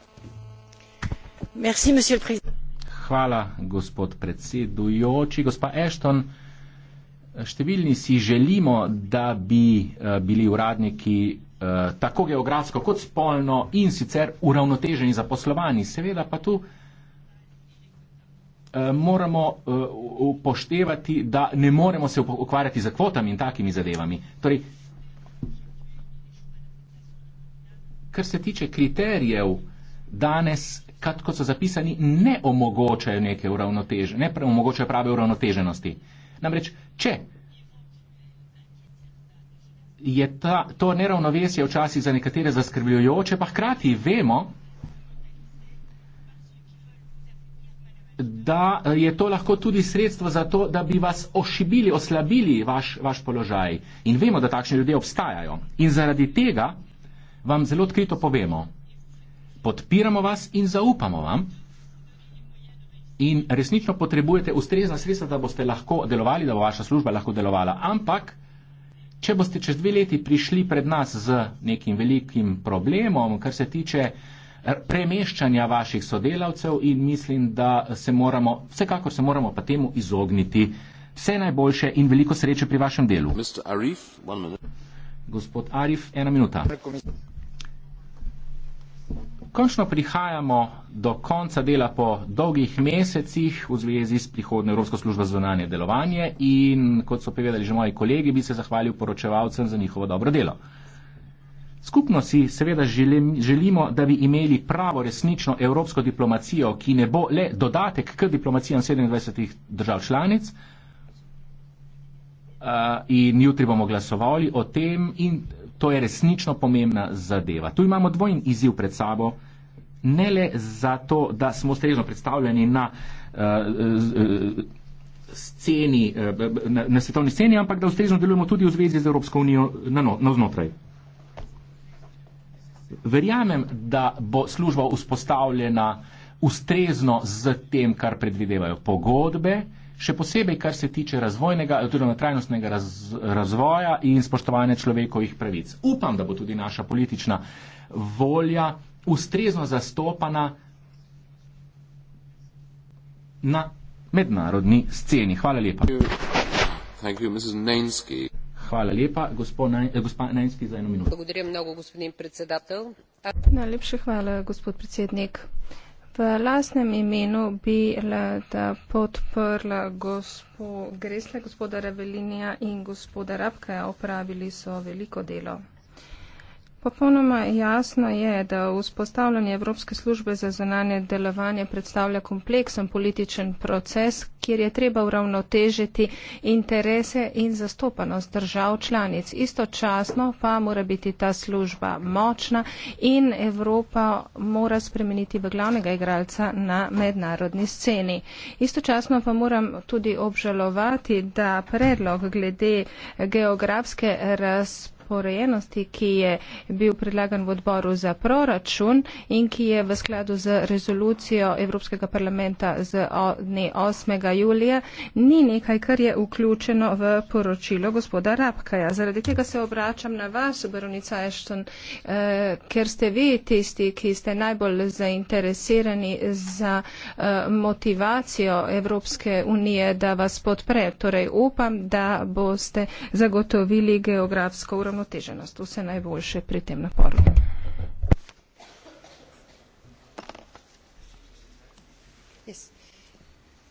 Merci, Hvala, gospod predsedujoči. Gospa Ashton, številni si želimo, da bi eh, bili uradniki eh, tako geografsko kot spolno in sicer uravnoteženi zaposlovani. Seveda pa tu Eh, moramo eh, upoštevati, da ne moremo se ukvarjati za kvotami in takimi zadevami. Torej, kar se tiče kriterijev danes, kako so zapisani, ne omogočajo neke uravnotežene, ne omogočajo prave uravnoteženosti. Namreč, če je ta, to neravnovesje včasih za nekatere zaskrbljujoče, pa hkrati vemo, da eh, je to lahko tudi sredstvo za to, da bi vas ošibili, oslabili vaš, vaš položaj. In vemo, da takšne ljudje obstajajo. In zaradi tega vam zelo odkrito povemo, podpiramo vas in zaupamo vam in resnično potrebujete ustrezna sredstva, da boste lahko delovali, da bo vaša služba lahko delovala. Ampak, če boste čez dve leti prišli pred nas z nekim velikim problemom, kar se tiče Eh, premeščanja vaših sodelavcev in mislim, da se moramo, vsekakor se moramo pa temu izogniti. Vse najboljše in veliko sreče pri vašem delu. Arif, Gospod Arif, ena minuta. Končno prihajamo do konca dela po dolgih mesecih v zvezi s prihodno Evropsko službo za zvonanje delovanje in kot so povedali že moji kolegi, bi se zahvalil poročevalcem za njihovo dobro delo. Skupno si seveda želim, želimo, da bi imeli pravo resnično evropsko diplomacijo, ki ne bo le dodatek k diplomacijam 27 držav članic. Uh, in jutri bomo glasovali o tem in to je resnično pomembna zadeva. Tu imamo dvojn izziv pred sabo, ne le zato, da smo strežno predstavljeni na, uh, sceni, uh, na, na svetovni sceni, ampak da ustrezno delujemo tudi v zvezi z Evropsko unijo na, no, na znotraj verjamem, da bo služba vzpostavljena ustrezno z tem, kar predvidevajo pogodbe, še posebej, kar se tiče razvojnega, oziroma trajnostnega raz, razvoja in spoštovanja človekovih pravic. Upam, da bo tudi naša politična volja ustrezno zastopana na mednarodni sceni. Hvala lepa. Thank you, Mrs. Nainsky. Hvala lepa. Gospod eh, Najnski za eno minuto. Podpredsednik, mnogo gospodin predsedatelj. Najlepša hvala, gospod predsednik. V lastnem imenu bi rada podprla gospo Gresle, gospoda Revelinija in gospoda Rabka. Opravili so veliko delo. Popolnoma jasno je, da vzpostavljanje Evropske službe za zunanje delovanje predstavlja kompleksen političen proces, kjer je treba uravnotežiti interese in zastopanost držav članic. Istočasno pa mora biti ta služba močna in Evropa mora spremeniti v glavnega igralca na mednarodni sceni. Istočasno pa moram tudi obžalovati, da predlog glede geografske razpoložitve porejenosti, ki je bil predlagan v odboru za proračun in ki je v skladu z rezolucijo Evropskega parlamenta z dne 8. julija, ni nekaj, kar je vključeno v poročilo gospoda Rapkaja. Zaradi tega se obračam na vas, baronica Ešton, eh, ker ste vi tisti, ki ste najbolj zainteresirani za eh, motivacijo Evropske unije, da vas podpre. Torej upam, da boste zagotovili geografsko uravnoteženje uravnoteženost. Vse najboljše pri tem naporu.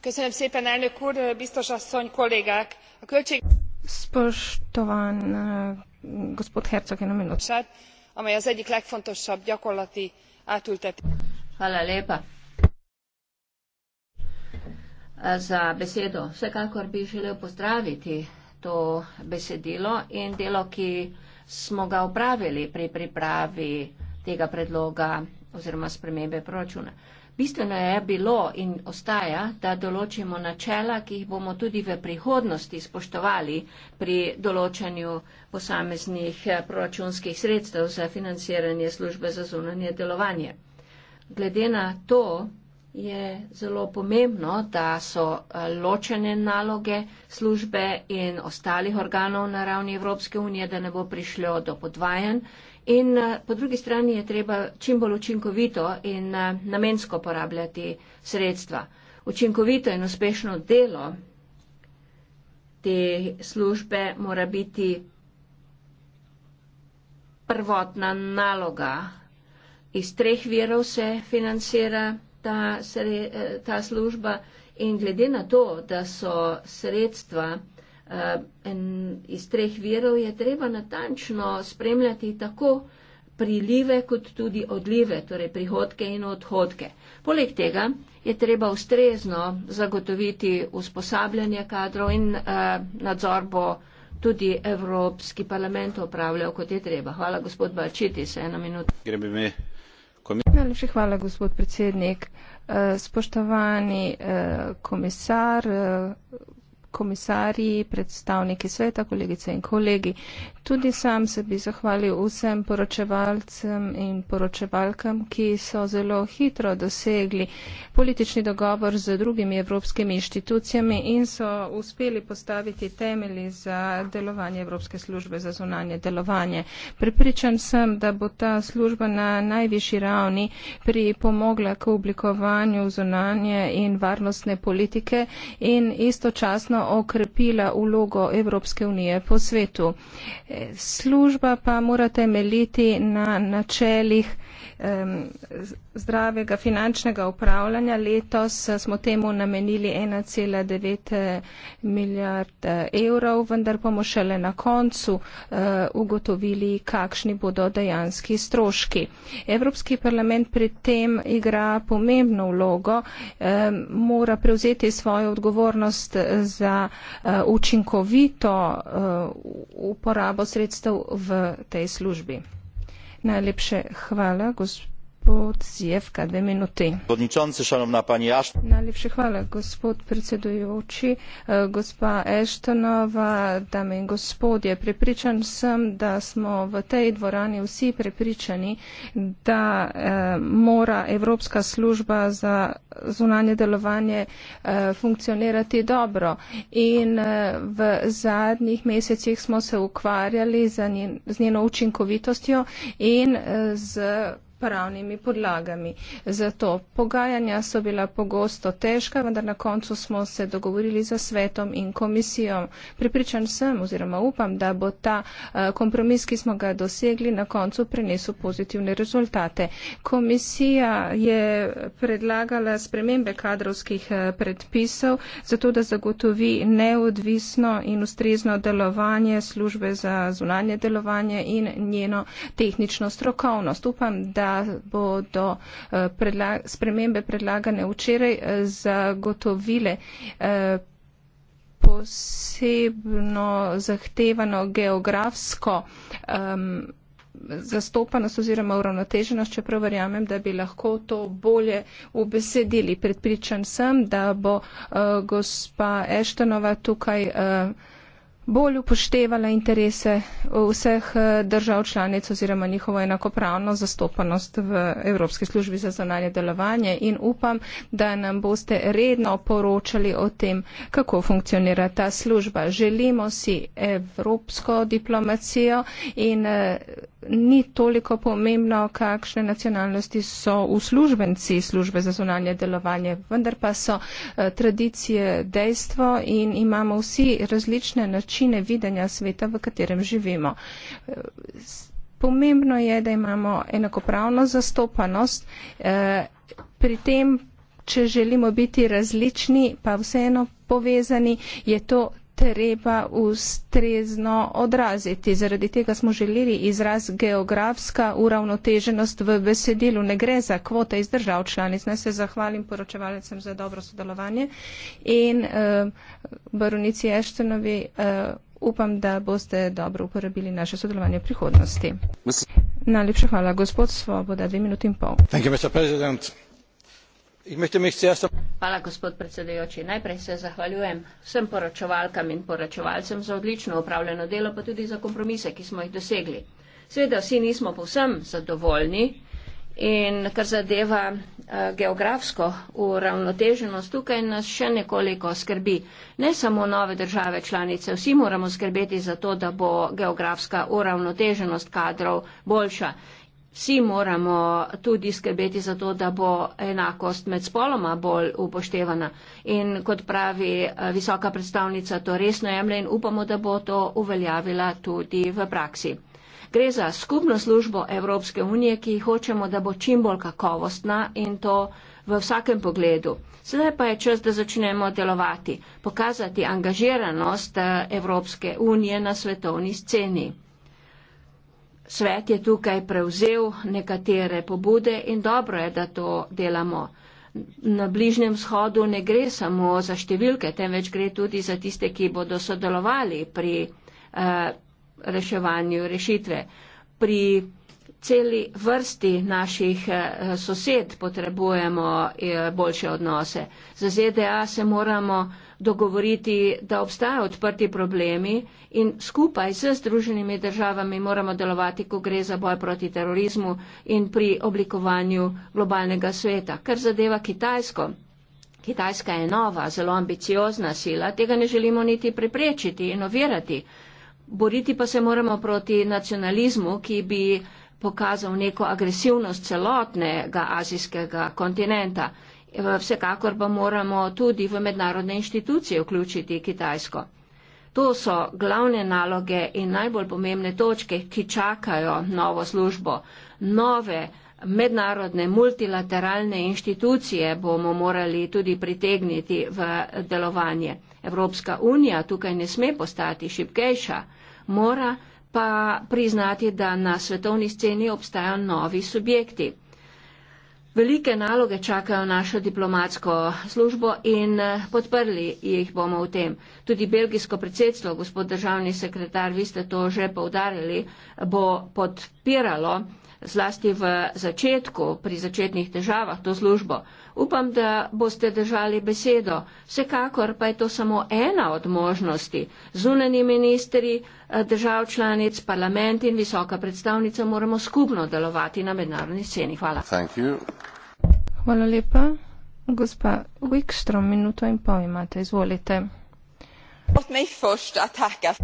Köszönöm szépen, elnök úr, biztos asszony, kollégák! A költség... Spostován, gospod Herzog, eno minut. ...amely az egyik legfontosabb gyakorlati átültetés. Hvala lepa. Za besedo. Vsekakor bi želel pozdraviti to besedilo in delo, ki smo ga upravili pri pripravi tega predloga oziroma spremembe proračuna. Bistveno je bilo in ostaja, da določimo načela, ki jih bomo tudi v prihodnosti spoštovali pri določanju posameznih eh, proračunskih sredstev za financiranje službe za zunanje delovanje. Glede na to, je zelo pomembno, da so eh, ločene naloge službe in ostalih organov na ravni Evropske unije, da ne bo prišlo do podvajanj. In eh, po drugi strani je treba čim bolj učinkovito in eh, namensko porabljati sredstva. Učinkovito in uspešno delo te službe mora biti prvotna naloga. Iz treh virov se financira ta, sre, eh, ta služba in glede na to, da so sredstva eh, iz treh virov, je treba natančno spremljati tako prilive kot tudi odlive, torej prihodke in odhodke. Poleg tega je treba ustrezno zagotoviti usposabljanje kadrov in eh, nadzor bo tudi Evropski parlament opravljal, kot je treba. Hvala, gospod Balčiti, se eno minuto. Najlepša hvala, gospod predsednik. Eh, spoštovani eh, komisar, eh, komisarji, predstavniki sveta, kolegice in kolegi. Tudi sam se bi zahvalil vsem poročevalcem in poročevalkam, ki so zelo hitro dosegli politični dogovor z drugimi evropskimi inštitucijami in so uspeli postaviti temelji za delovanje Evropske službe za zunanje delovanje. Pripričan sem, da bo ta služba na najvišji ravni pripomogla k oblikovanju zunanje in varnostne politike in istočasno okrepila vlogo Evropske unije po svetu. Služba pa mora temeljiti na načelih um, zdravega finančnega upravljanja. Letos smo temu namenili 1,9 eh, milijard eh, evrov, vendar bomo šele na koncu uh, ugotovili, kakšni bodo dejanski stroški. Evropski parlament pri tem igra pomembno vlogo, um, mora prevzeti svojo odgovornost za za eh, učinkovito eh, uporabo sredstev v tej službi. Najlepše hvala, gospod. Podnicząci, szanowna pani Ashton. Najlepszy chwała, gospod predsedujoči, eh, gospa Ashtonova, dame in gospodje. Pripričan sem, da smo v tej dvorani vsi pripričani, da eh, mora Evropska služba za zunanje delovanje eh, funkcionirati dobro. In eh, v zadnjih mesecih smo se ukvarjali njen, z njeno učinkovitostjo in eh, z pravnimi podlagami. Zato pogajanja so bila pogosto težka, vendar na koncu smo se dogovorili za svetom in komisijo. Pripričan sem oziroma upam, da bo ta eh, kompromis, ki smo ga dosegli, na koncu prenesel pozitivne rezultate. Komisija je predlagala spremembe kadrovskih eh, predpisov, zato da zagotovi neodvisno in ustrezno delovanje službe za zunanje delovanje in njeno tehnično strokovnost. Upam, da bodo eh, predla spremembe predlagane včeraj eh, zagotovile eh, posebno zahtevano geografsko um, zastopanost oziroma uravnoteženost, čeprav verjamem, da bi lahko to bolje ubesedili. Predpričan sem, da bo uh, gospa Eštonova tukaj uh, bolj upoštevala interese vseh eh, držav članic oziroma njihovo enakopravno zastopanost v Evropski službi za zonanje delovanje in upam, da nam boste redno poročali o tem, kako funkcionira ta služba. Želimo si evropsko diplomacijo in eh, ni toliko pomembno, kakšne nacionalnosti so uslužbenci službe za zunanje delovanje, vendar pa so eh, tradicije dejstvo in imamo vsi različne načine videnja sveta, v katerem živimo. Eh, pomembno je, da imamo enakopravno zastopanost. Eh, pri tem, če želimo biti različni, pa vseeno povezani, je to treba ustrezno odraziti. Zaradi tega smo želeli izraz geografska uravnoteženost v besedilu. Ne gre za kvote iz držav članic. Naj se zahvalim poročevalcem za dobro sodelovanje in uh, baronici Eštenovi uh, eh, upam, da boste dobro uporabili naše sodelovanje v prihodnosti. Najlepša hvala, gospod Svoboda, dve minuti in pol. Thank you, najprej se zahvaljujem vsem poročevalkam in poročevalcem za odlično opravljeno delo pa tudi za kompromise ki smo jih dosegli. seveda vsi nismo povsem zadovoljni in kar zadeva uh, geografsko uravnoteženost tukaj nas še nekoliko skrbi. Ne samo nove države članice, vsi moramo skrbeti za to, da bo geografska uravnoteženost kadrov boljša. Vsi moramo tudi skrbeti za to, da bo enakost med spoloma bolj upoštevana. In kot pravi eh, visoka predstavnica, to resno jemlje in upamo, da bo to uveljavila tudi v praksi. Gre za skupno službo Evropske unije, ki hočemo, da bo čim bolj kakovostna in to v vsakem pogledu. Sedaj pa je čas, da začnemo delovati, pokazati angažiranost eh, Evropske unije na svetovni sceni. Svet je tukaj prevzel nekatere pobude in dobro je, da to delamo. Na Bližnjem shodu ne gre samo za številke, temveč gre tudi za tiste, ki bodo sodelovali pri uh, reševanju rešitve. Pri celi vrsti naših uh, sosed potrebujemo uh, boljše odnose. Za ZDA se moramo dogovoriti, da obstajajo odprti problemi in skupaj z Združenimi državami moramo delovati, ko gre za boj proti terorizmu in pri oblikovanju globalnega sveta. Kar zadeva Kitajsko. Kitajska je nova, zelo ambiciozna sila, tega ne želimo niti preprečiti in ovirati. Boriti pa se moramo proti nacionalizmu, ki bi pokazal neko agresivnost celotnega azijskega kontinenta. Vsekakor pa moramo tudi v mednarodne inštitucije vključiti Kitajsko. To so glavne naloge in najbolj pomembne točke, ki čakajo novo službo. Nove mednarodne multilateralne inštitucije bomo morali tudi pritegniti v delovanje. Evropska unija tukaj ne sme postati šipkejša, mora pa priznati, da na svetovni sceni obstajajo novi subjekti. Velike naloge čakajo našo diplomatsko službo in eh, podprli jih bomo v tem. Tudi belgijsko predsedstvo, gospod državni sekretar, vi ste to že povdarjali, bo podpiralo zlasti v začetku, pri začetnih težavah to službo. Upam, da boste držali besedo. Vsekakor pa je to samo ena od možnosti. Zunani ministri, eh, držav članic, parlament in visoka predstavnica moramo skupno delovati na mednarodni sceni. Hvala. Hvala lepa. Gospa Wikstrom, minuto in pol imate. Izvolite.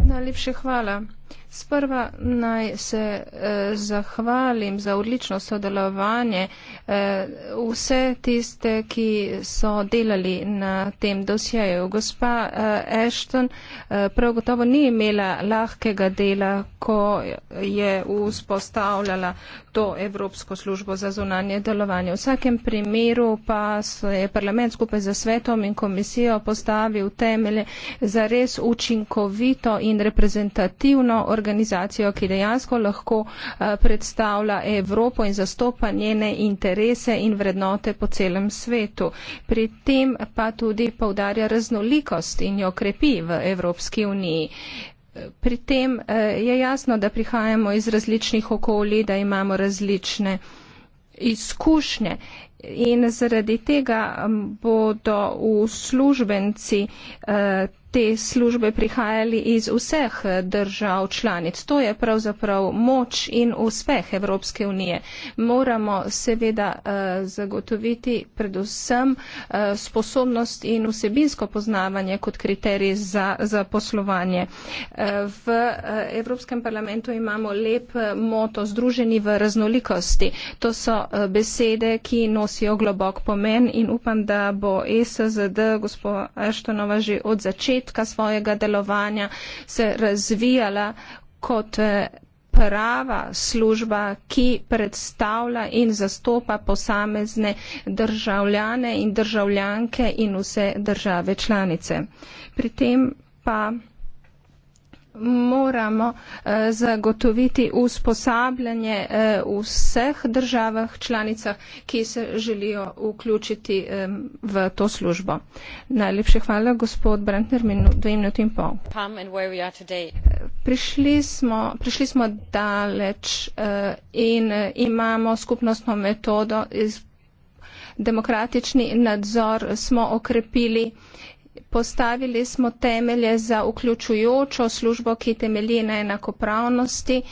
Najlepše hvala. Sprva naj se eh, zahvalim za odlično sodelovanje eh, vse tiste, ki so delali na tem dosjeju. Gospa eh, Ashton eh, prav gotovo ni imela lahkega dela, ko je vzpostavljala to Evropsko službo za zunanje delovanje. V vsakem primeru pa je parlament skupaj za svetom in komisijo postavil temelje za res učinkovito in reprezentativno organizacijo, ki dejansko lahko eh, predstavlja Evropo in zastopa njene interese in vrednote po celem svetu. Pri tem pa tudi povdarja raznolikost in jo krepi v Evropski uniji. Pri tem eh, je jasno, da prihajamo iz različnih okolij, da imamo različne izkušnje in zaradi tega mm, bodo uslužbenci eh, te službe prihajali iz vseh držav članic. To je pravzaprav moč in uspeh Evropske unije. Moramo seveda eh, zagotoviti predvsem eh, sposobnost in vsebinsko poznavanje kot kriterij za, za poslovanje. Eh, v Evropskem parlamentu imamo lep moto združeni v raznolikosti. To so besede, ki nosijo globok pomen in upam, da bo SZD gospod Aštonova že od začetka začetka svojega delovanja se razvijala kot eh, prava služba, ki predstavlja in zastopa posamezne državljane in državljanke in vse države članice. Pri tem pa moramo eh, zagotoviti usposabljanje eh, v vseh državah članicah, ki se želijo vključiti v to službo. Najlepše hvala, gospod Brantner, dve minuti in pol. Eh, prišli smo, prišli smo daleč in imamo skupnostno metodo, demokratični nadzor smo okrepili postavili smo temelje za vključujočo službo, ki temelji na enakopravnosti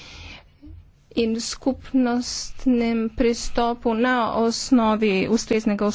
in skupnostnem pristopu na osnovi ustreznega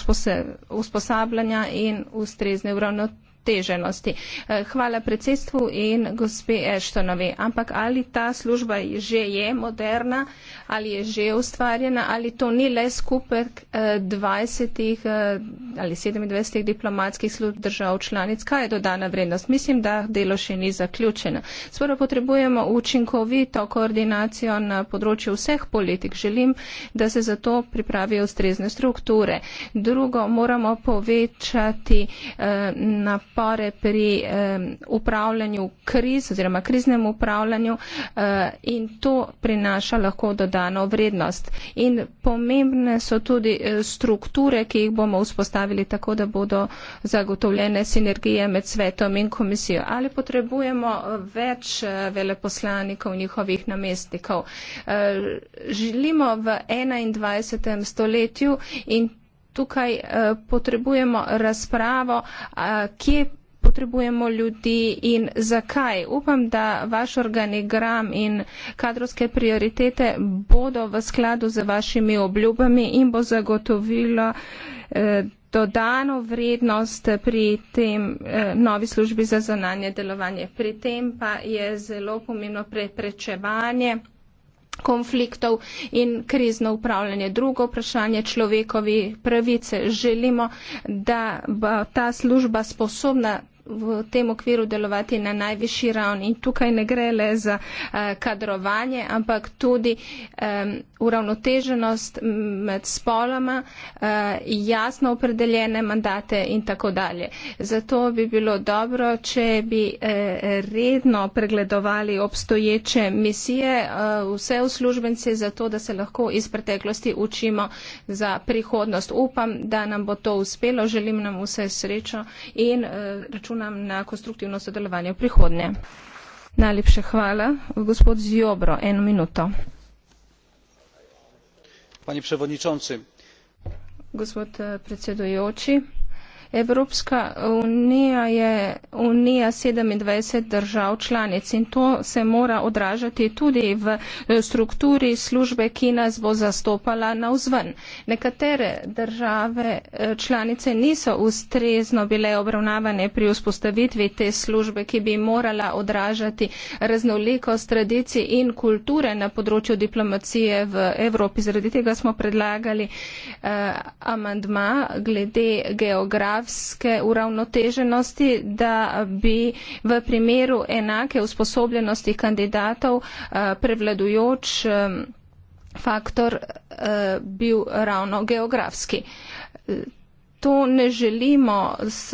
usposabljanja in ustrezne uravnotežnosti uravnoteženosti. Eh, hvala predsedstvu in gospe Eštonovi. Ampak ali ta služba že je moderna, ali je že ustvarjena, ali to ni le skupek 20 eh, eh, ali 27 diplomatskih služb držav članic, kaj je dodana vrednost? Mislim, da delo še ni zaključeno. Sporo potrebujemo učinkovito koordinacijo na področju vseh politik. Želim, da se za to pripravijo ustrezne strukture. Drugo, moramo povečati eh, napor napore pri eh, upravljanju kriz oziroma kriznem upravljanju eh, in to prinaša lahko dodano vrednost. In pomembne so tudi eh, strukture, ki jih bomo vzpostavili tako, da bodo zagotovljene sinergije med svetom in komisijo. Ali potrebujemo eh, več eh, veleposlanikov, njihovih namestnikov? Eh, želimo v 21. stoletju in tukaj eh, potrebujemo razpravo, eh, kje potrebujemo ljudi in zakaj. Upam, da vaš organigram in kadrovske prioritete bodo v skladu z vašimi obljubami in bo zagotovilo eh, dodano vrednost pri tem eh, novi službi za zananje delovanje. Pri tem pa je zelo pomembno preprečevanje konfliktov in krizno upravljanje. Drugo vprašanje človekovi pravice. Želimo, da bo ta služba sposobna v tem okviru delovati na najvišji ravni. In tukaj ne gre le za eh, kadrovanje, ampak tudi um, uravnoteženost med spoloma, uh, jasno opredeljene mandate in tako dalje. Zato bi bilo dobro, če bi uh, redno pregledovali obstoječe misije, uh, vse uslužbence, zato da se lahko iz preteklosti učimo za prihodnost. Upam, da nam bo to uspelo. Želim nam vse srečo in uh, računam računam na konstruktivno sodelovanje v prihodnje. Najlepše hvala. Gospod Ziobro, eno minuto. Pani eh, predsedujoči. Evropska unija je unija 27 držav članic in to se mora odražati tudi v eh, strukturi službe, ki nas bo zastopala na vzven. Nekatere države eh, članice niso ustrezno bile obravnavane pri vzpostavitvi te službe, ki bi morala odražati raznolikost tradicij in kulture na področju diplomacije v Evropi. Zaradi tega smo predlagali eh, amandma glede geografije geografske uravnoteženosti, da bi v primeru enake usposobljenosti kandidatov eh, prevladujoč eh, faktor eh, bil ravno geografski to ne želimo z,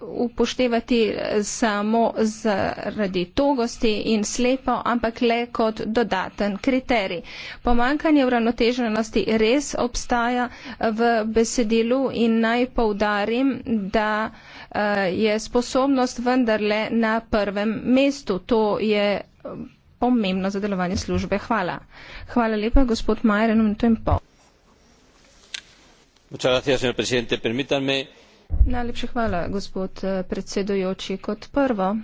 upoštevati samo zaradi togosti in slepo, ampak le kot dodaten kriterij. Pomankanje uravnoteženosti res obstaja v besedilu in naj povdarim, da eh, je sposobnost vendarle na prvem mestu. To je eh, pomembno za delovanje službe. Hvala. Hvala lepa, gospod Majer, na minuto in pol señor presidente permítanme najlepša hvala gospod eh, predsedujoči kot prvo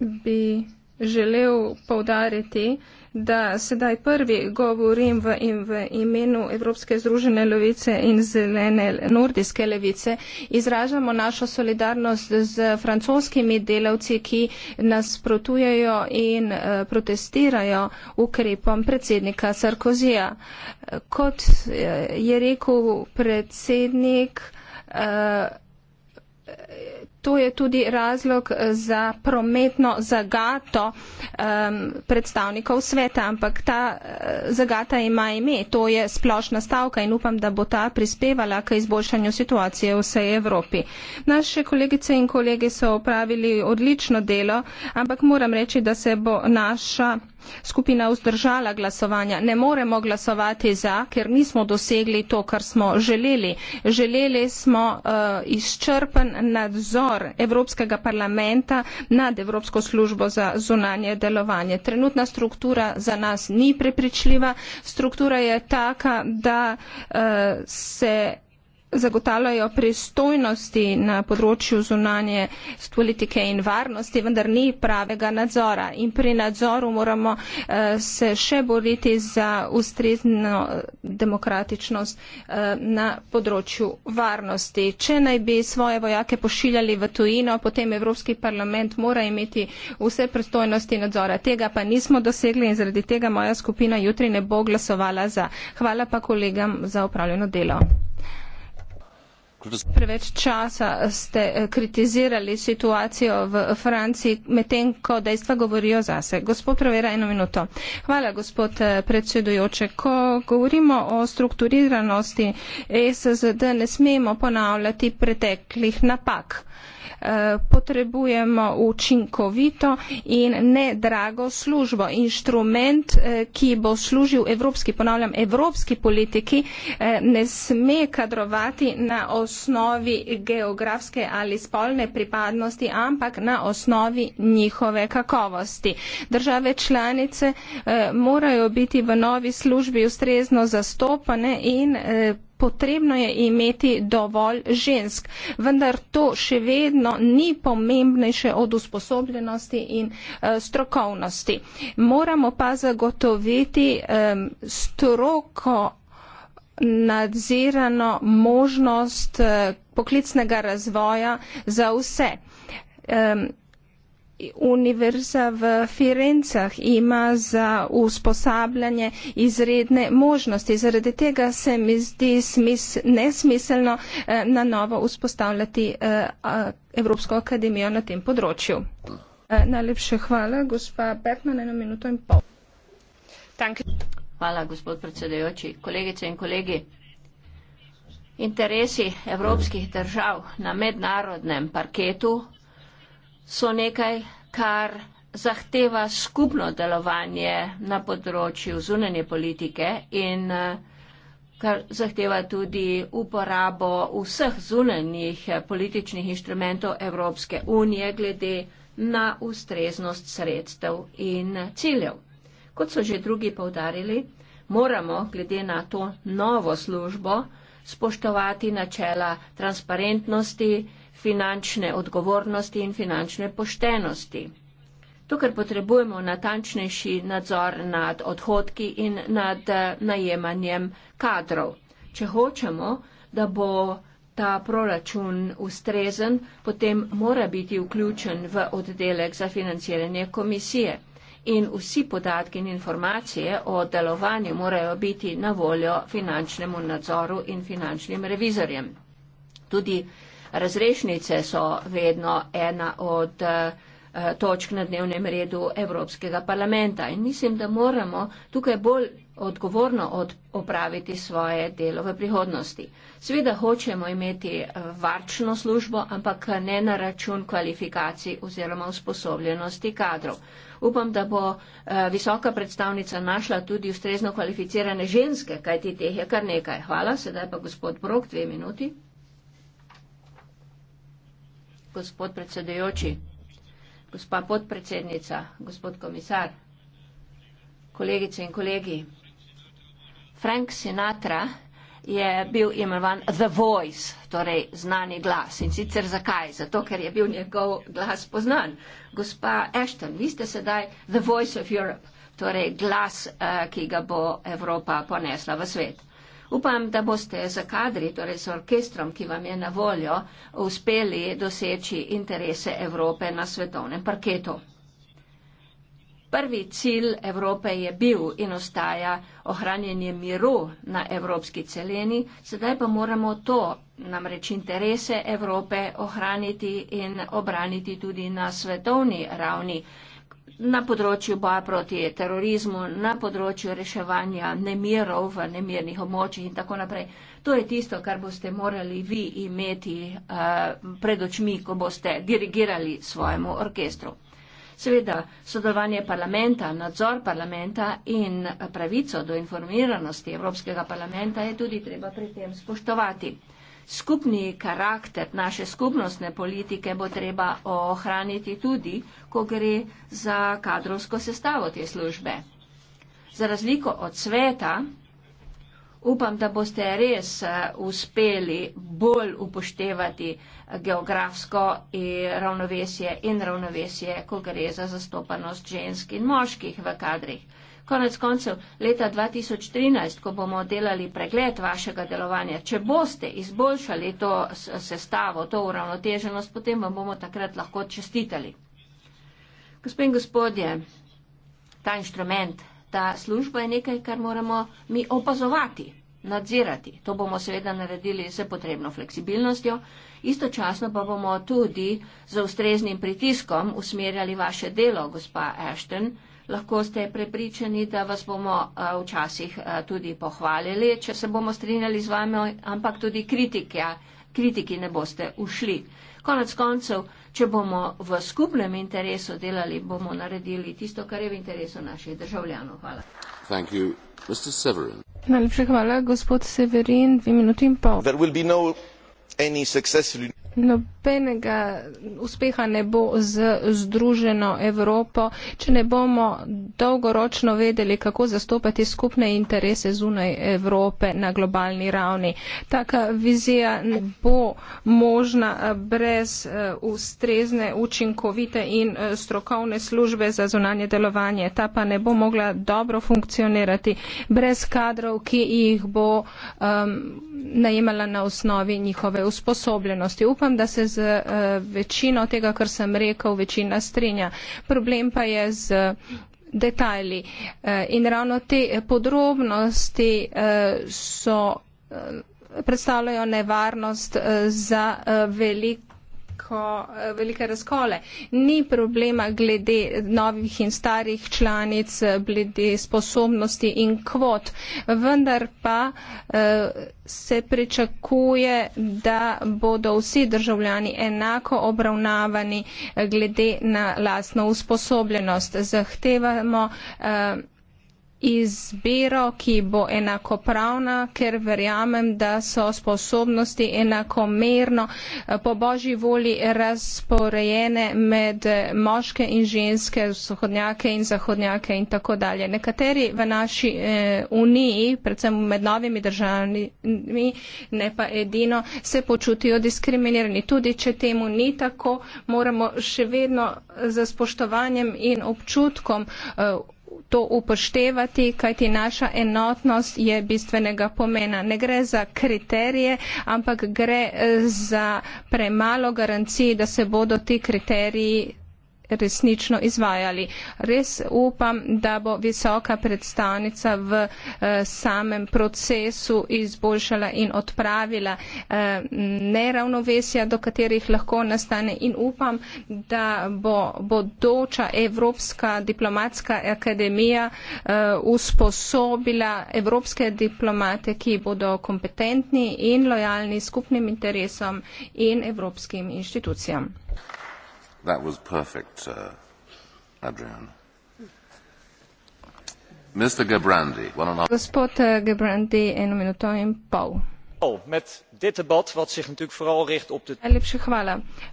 bi želel povdariti, da sedaj prvi govorim v, v imenu Evropske združene levice in zelene nordijske levice. Izražamo našo solidarnost z francoskimi delavci, ki nas protujejo in uh, protestirajo ukrepom predsednika Sarkozija. Kot uh, je rekel predsednik, uh, To je tudi razlog eh, za prometno zagato um, predstavnikov sveta, ampak ta eh, zagata ima ime. To je splošna stavka in upam, da bo ta prispevala k izboljšanju situacije v vsej Evropi. Naše kolegice in kolege so opravili odlično delo, ampak moram reči, da se bo naša skupina vzdržala glasovanja, ne moremo glasovati za, ker nismo dosegli to, kar smo želeli. Želeli smo uh, izčrpen nadzor Evropskega parlamenta nad Evropsko službo za zunanje delovanje. Trenutna struktura za nas ni prepričljiva. Struktura je taka, da uh, se zagotavljajo pristojnosti na področju zunanje politike in varnosti, vendar ni pravega nadzora. In pri nadzoru moramo uh, se še boriti za ustrezno eh, demokratičnost uh, na področju varnosti. Če naj bi svoje vojake pošiljali v tujino, potem Evropski parlament mora imeti vse pristojnosti nadzora. Tega pa nismo dosegli in zaradi tega moja skupina jutri ne bo glasovala za. Hvala pa kolegam za upravljeno delo. Preveč časa ste eh, kritizirali situacijo v Franciji, medtem ko dejstva govorijo zase. Gospod Provera, eno minuto. Hvala, gospod eh, predsedujoče. Ko govorimo o strukturiranosti SSD, ne smemo ponavljati preteklih napak. Eh, potrebujemo učinkovito in nedrago službo. Inštrument, eh, ki bo služil evropski, ponavljam, evropski politiki, eh, ne sme kadrovati na osnovi geografske ali spolne pripadnosti, ampak na osnovi njihove kakovosti. Države članice morajo biti v novi službi ustrezno zastopane in potrebno je imeti dovolj žensk, vendar to še vedno ni pomembnejše od usposobljenosti in eh, strokovnosti. Moramo pa zagotoviti stroko nadzirano možnost eh, poklicnega razvoja za vse. Univerza v Firencah ima za usposabljanje izredne možnosti. Zaradi tega se mi zdi smis, nesmiselno eh, na novo uspostavljati eh, Evropsko akademijo na tem področju. Eh, najlepše hvala, gospa Bergman, eno minuto in pol. Tanki. Hvala, gospod predsedajoči. Kolegice in kolegi, interesi evropskih držav na mednarodnem parketu so nekaj, kar zahteva skupno delovanje na področju zunanje politike in eh, kar zahteva tudi uporabo vseh zunanjih eh, političnih inštrumentov Evropske unije glede na ustreznost sredstev in ciljev. Kot so že drugi povdarili, moramo glede na to novo službo spoštovati načela transparentnosti, finančne odgovornosti in finančne poštenosti. Tukaj potrebujemo natančnejši nadzor nad odhodki in nad eh, najemanjem kadrov. Če hočemo, da bo ta proračun ustrezen, potem mora biti vključen v oddelek za financiranje komisije. In vsi podatki in informacije o delovanju morajo biti na voljo finančnemu nadzoru in finančnim revizorjem. Tudi Razrešnice so vedno ena od eh, točk na dnevnem redu Evropskega parlamenta in mislim, da moramo tukaj bolj odgovorno od, opraviti svoje delo v prihodnosti. Sveda hočemo imeti eh, varčno službo, ampak ne na račun kvalifikacij oziroma usposobljenosti kadrov. Upam, da bo eh, visoka predstavnica našla tudi ustrezno kvalificirane ženske, kajti teh je kar nekaj. Hvala, sedaj pa gospod Brok, dve minuti gospod predsedujoči, gospa podpredsednica, gospod komisar, kolegice in kolegi. Frank Sinatra je bil imenovan The Voice, torej znani glas. In sicer zakaj? Zato, ker je bil njegov glas poznan. Gospa Ashton, vi ste sedaj The Voice of Europe, torej glas, eh, ki ga bo Evropa ponesla v svet. Upam, da boste za kadri, torej z orkestrom, ki vam je na voljo, uspeli doseči interese Evrope na svetovnem parketu. Prvi cilj Evrope je bil in ostaja ohranjanje miru na evropski celini, sedaj pa moramo to, namreč interese Evrope, ohraniti in obraniti tudi na svetovni ravni na področju boja proti terorizmu, na področju reševanja nemirov v nemirnih območjih in tako naprej. To je tisto, kar boste morali vi imeti uh, pred očmi, ko boste dirigirali svojemu orkestru. Seveda, sodelovanje parlamenta, nadzor parlamenta in pravico do informiranosti Evropskega parlamenta je tudi treba pri tem spoštovati. Skupni karakter naše skupnostne politike bo treba ohraniti tudi, ko gre za kadrovsko sestavo te službe. Za razliko od sveta, upam, da boste res eh, uspeli bolj upoštevati geografsko in ravnovesje in ravnovesje, ko gre za zastopanost žensk in moških v kadrih. Konec koncev, leta 2013, ko bomo delali pregled vašega delovanja, če boste izboljšali to sestavo, to uravnoteženost, potem vam bomo takrat lahko čestitali. Gospod in gospodje, ta inštrument, ta služba je nekaj, kar moramo mi opazovati, nadzirati. To bomo seveda naredili z potrebno fleksibilnostjo. Istočasno pa bomo tudi z ustreznim pritiskom usmerjali vaše delo, gospa Ashton lahko ste prepričani, da vas bomo eh, včasih eh, tudi pohvalili, če se bomo strinjali z vami, ampak tudi kritike, kritiki ne boste ušli. Konec koncev, če bomo v skupnem interesu delali, bomo naredili tisto, kar je v interesu naših državljanov. Hvala. Thank you, Mr. Severin. Najlepša hvala, gospod Severin, dve minuti in pol. Nobenega uspeha ne bo z združeno Evropo, če ne bomo dolgoročno vedeli, kako zastopati skupne interese zunaj Evrope na globalni ravni. Taka vizija ne bo možna eh, brez eh, ustrezne, učinkovite in eh, strokovne službe za zunanje delovanje. Ta pa ne bo mogla dobro funkcionirati brez kadrov, ki jih bo um, najemala na osnovi njihove usposobljenosti upam, da se z eh, večino tega, kar sem rekel, večina strinja. Problem pa je z eh, detajli. Eh, in ravno te podrobnosti so predstavljajo nevarnost za velik veliko, eh, velike razkole. Ni problema glede novih in starih članic, glede sposobnosti in kvot, vendar pa eh, se pričakuje, da bodo vsi državljani enako obravnavani eh, glede na lastno usposobljenost. Zahtevamo izbiro, ki bo enakopravna, ker verjamem, da so sposobnosti enakomerno eh, po božji volji razporejene med moške in ženske, vzhodnjake in zahodnjake in tako dalje. Nekateri v naši eh, uniji, predvsem med novimi državami, ne pa edino, se počutijo diskriminirani. Tudi, če temu ni tako, moramo še vedno eh, z spoštovanjem in občutkom eh, to upoštevati, kajti naša enotnost je bistvenega pomena. Ne gre za kriterije, ampak gre eh, za premalo garancij, da se bodo ti kriteriji resnično izvajali. Res upam, da bo visoka predstavnica v eh, samem procesu izboljšala in odpravila eh, neravnovesja, do katerih lahko nastane in upam, da bo bodoča Evropska diplomatska akademija eh, usposobila evropske diplomate, ki bodo kompetentni in lojalni skupnim interesom in evropskim inštitucijam. Thank you. That was perfect, uh, Adrian. Mr. Gebrandi, one and a half. Gospod uh, Gebrandi, eno minuto in pol. Oh,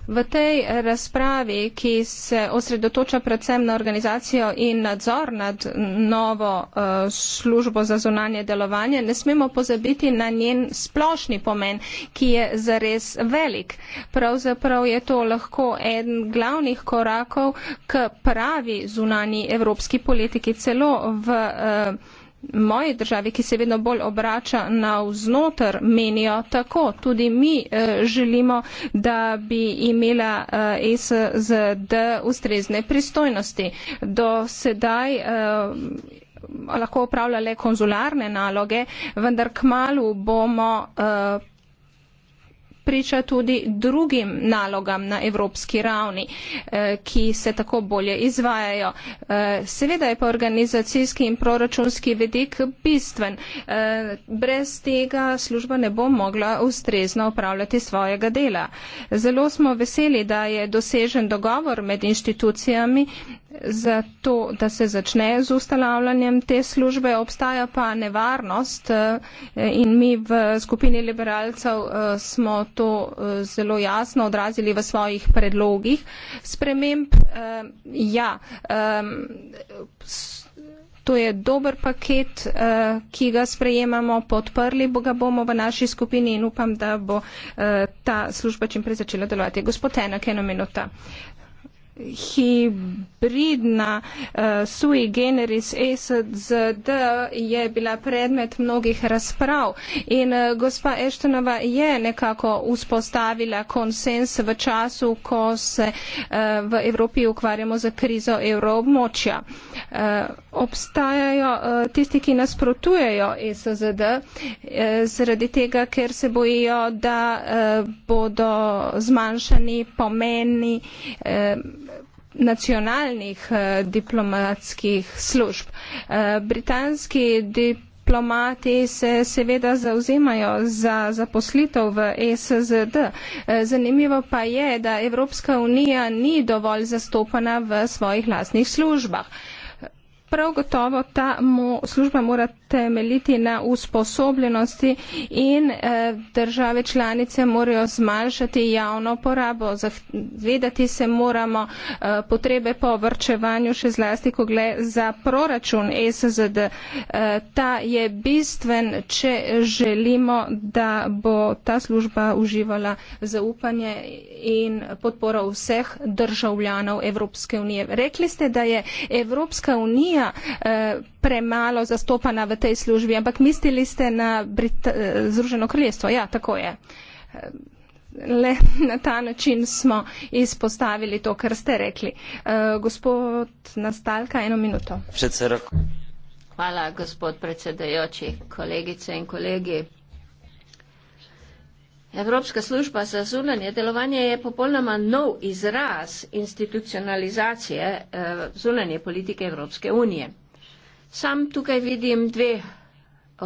v tej eh, razpravi ki se osredotoča predvsem na organizacijo in nadzor nad novo eh, službo za zunanje delovanje ne smemo pozabiti na njen splošni pomen ki je zares velik pravzaprav je to lahko eden glavnih korakov k pravi zunanji evropski politiki celo v eh, moji državi, ki se vedno bolj obrača navznoter, menijo tako. Tudi mi eh, želimo, da bi imela eh, SZD ustrezne pristojnosti. Do sedaj. Eh, lahko upravljale konzularne naloge, vendar k malu bomo uh, priča tudi drugim nalogam na evropski ravni, eh, ki se tako bolje izvajajo. Eh, seveda je pa organizacijski in proračunski vedik bistven. Eh, brez tega služba ne bo mogla ustrezno upravljati svojega dela. Zelo smo veseli, da je dosežen dogovor med inštitucijami za to, da se začne z ustanavljanjem te službe, obstaja pa nevarnost eh, in mi v skupini liberalcev eh, smo to eh, zelo jasno odrazili v svojih predlogih. Sprememb, ja, to je dober paket, ki ga sprejemamo, podprli ga bomo v naši skupini in upam, da bo ta služba čimprej začela delovati. Gospod Enak, eno minuto hibridna uh, sui generis e SZD je bila predmet mnogih razprav in uh, gospa Eštenova je nekako vzpostavila konsens v času, ko se uh, v Evropi ukvarjamo za krizo evroobmočja. Uh, obstajajo uh, tisti, ki nasprotujejo e SZD uh, zaradi tega, ker se bojijo, da uh, bodo zmanjšani pomeni uh, nacionalnih eh, diplomatskih služb. Eh, britanski diplomati se seveda zauzemajo za zaposlitev v e SZD. Eh, zanimivo pa je, da Evropska unija ni dovolj zastopana v svojih lasnih službah. Prav gotovo ta mo, služba mora temeljiti na usposobljenosti in eh, države članice morajo zmanjšati javno porabo. Zavedati se moramo eh, potrebe po vrčevanju, še zlasti, ko gre za proračun SZD. Eh, ta je bistven, če želimo, da bo ta služba uživala zaupanje in podporo vseh državljanov Evropske unije. Rekli ste, da je Evropska unija premalo zastopana v tej službi, ampak mislili ste na Brit eh, Združeno kraljestvo. Ja, tako je. Eh, le na ta način smo izpostavili to, kar ste rekli. Eh, gospod Nastalka, eno minuto. Hvala, gospod predsedajoči, kolegice in kolegi. Evropska služba za zunanje delovanje je popolnoma nov izraz institucionalizacije zunanje politike Evropske unije. Sam tukaj vidim dve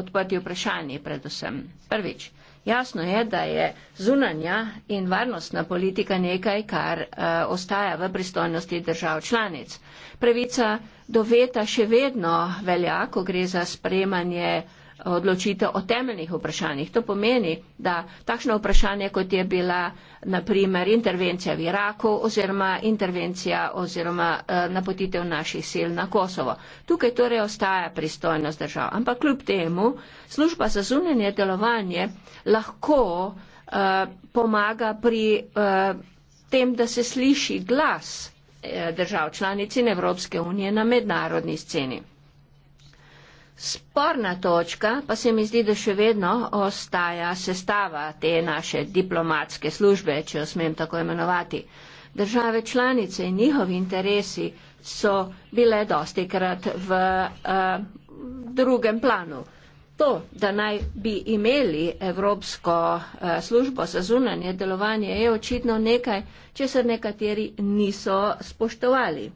odprti vprašanji predvsem. Prvič, jasno je, da je zunanja in varnostna politika nekaj, kar uh, ostaja v pristojnosti držav članic. Pravica do veta še vedno velja, ko gre za spremanje uh, odločitev o temeljnih vprašanjih. To pomeni, da takšno vprašanje, kot je bila naprimer intervencija v Iraku oziroma intervencija oziroma eh, napotitev naših sil na Kosovo. Tukaj torej ostaja pristojnost držav. Ampak kljub temu služba za zunanje delovanje lahko uh, pomaga pri uh, tem, da se sliši glas uh, držav članic in Evropske unije na mednarodni sceni. Sporna točka pa se mi zdi, da še vedno ostaja sestava te naše diplomatske službe, če jo smem tako imenovati. Države članice in njihovi interesi so bile dosti krat v uh, drugem planu. To, da naj bi imeli Evropsko uh, službo za zunanje delovanje, je očitno nekaj, če se nekateri niso spoštovali.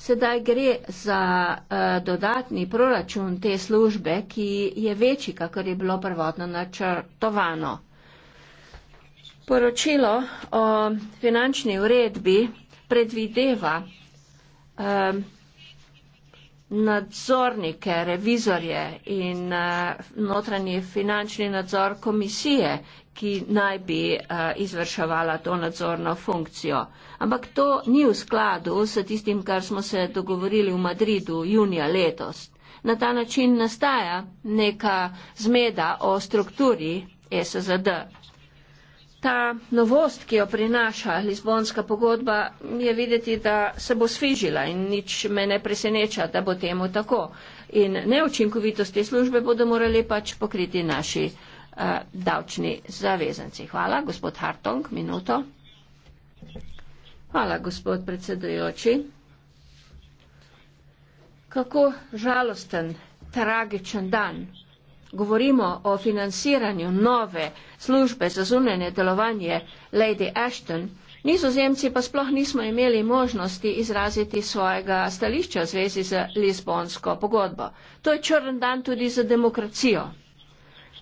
Sedaj gre za uh, dodatni proračun te službe, ki je večji, kakor je bilo prvotno načrtovano. Poročilo o finančni uredbi predvideva um, nadzornike, revizorje in eh, notranji finančni nadzor komisije, ki naj bi eh, izvrševala to nadzorno funkcijo. Ampak to ni v skladu s tistim, kar smo se dogovorili v Madridu junija letos. Na ta način nastaja neka zmeda o strukturi SZD. Ta novost, ki jo prinaša Lizbonska pogodba, je videti, da se bo svižila in nič me ne preseneča, da bo temu tako. In neučinkovitost te službe bodo morali pač pokriti naši uh, davčni zavezanci. Hvala, gospod Hartong, minuto. Hvala, gospod predsedujoči. Kako žalosten, tragičen dan govorimo o financiranju nove službe za zunanje delovanje Lady Ashton, nizozemci pa sploh nismo imeli možnosti izraziti svojega stališča v zvezi z Lizbonsko pogodbo. To je črn dan tudi za demokracijo.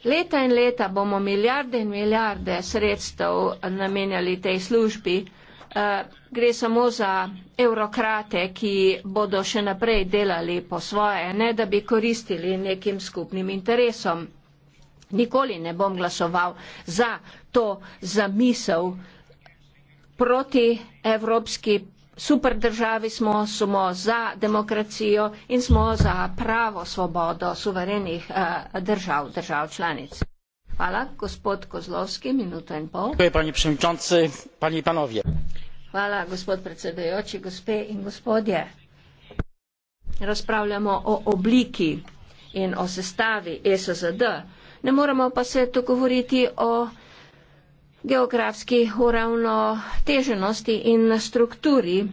Leta in leta bomo milijarde in milijarde sredstev namenjali tej službi, Eh, gre samo za evrokrate, ki bodo še naprej delali po svoje, ne da bi koristili nekim skupnim interesom. Nikoli ne bom glasoval za to zamisel proti evropski superdržavi smo, smo za demokracijo in smo za pravo svobodo suverenih eh, držav, držav članic pani predsedujoči gospe in gospodje razpravljamo o obliki in o sestavi ESZD ne moremo pa se dogovoriti o geografski uravnoteženosti in strukturi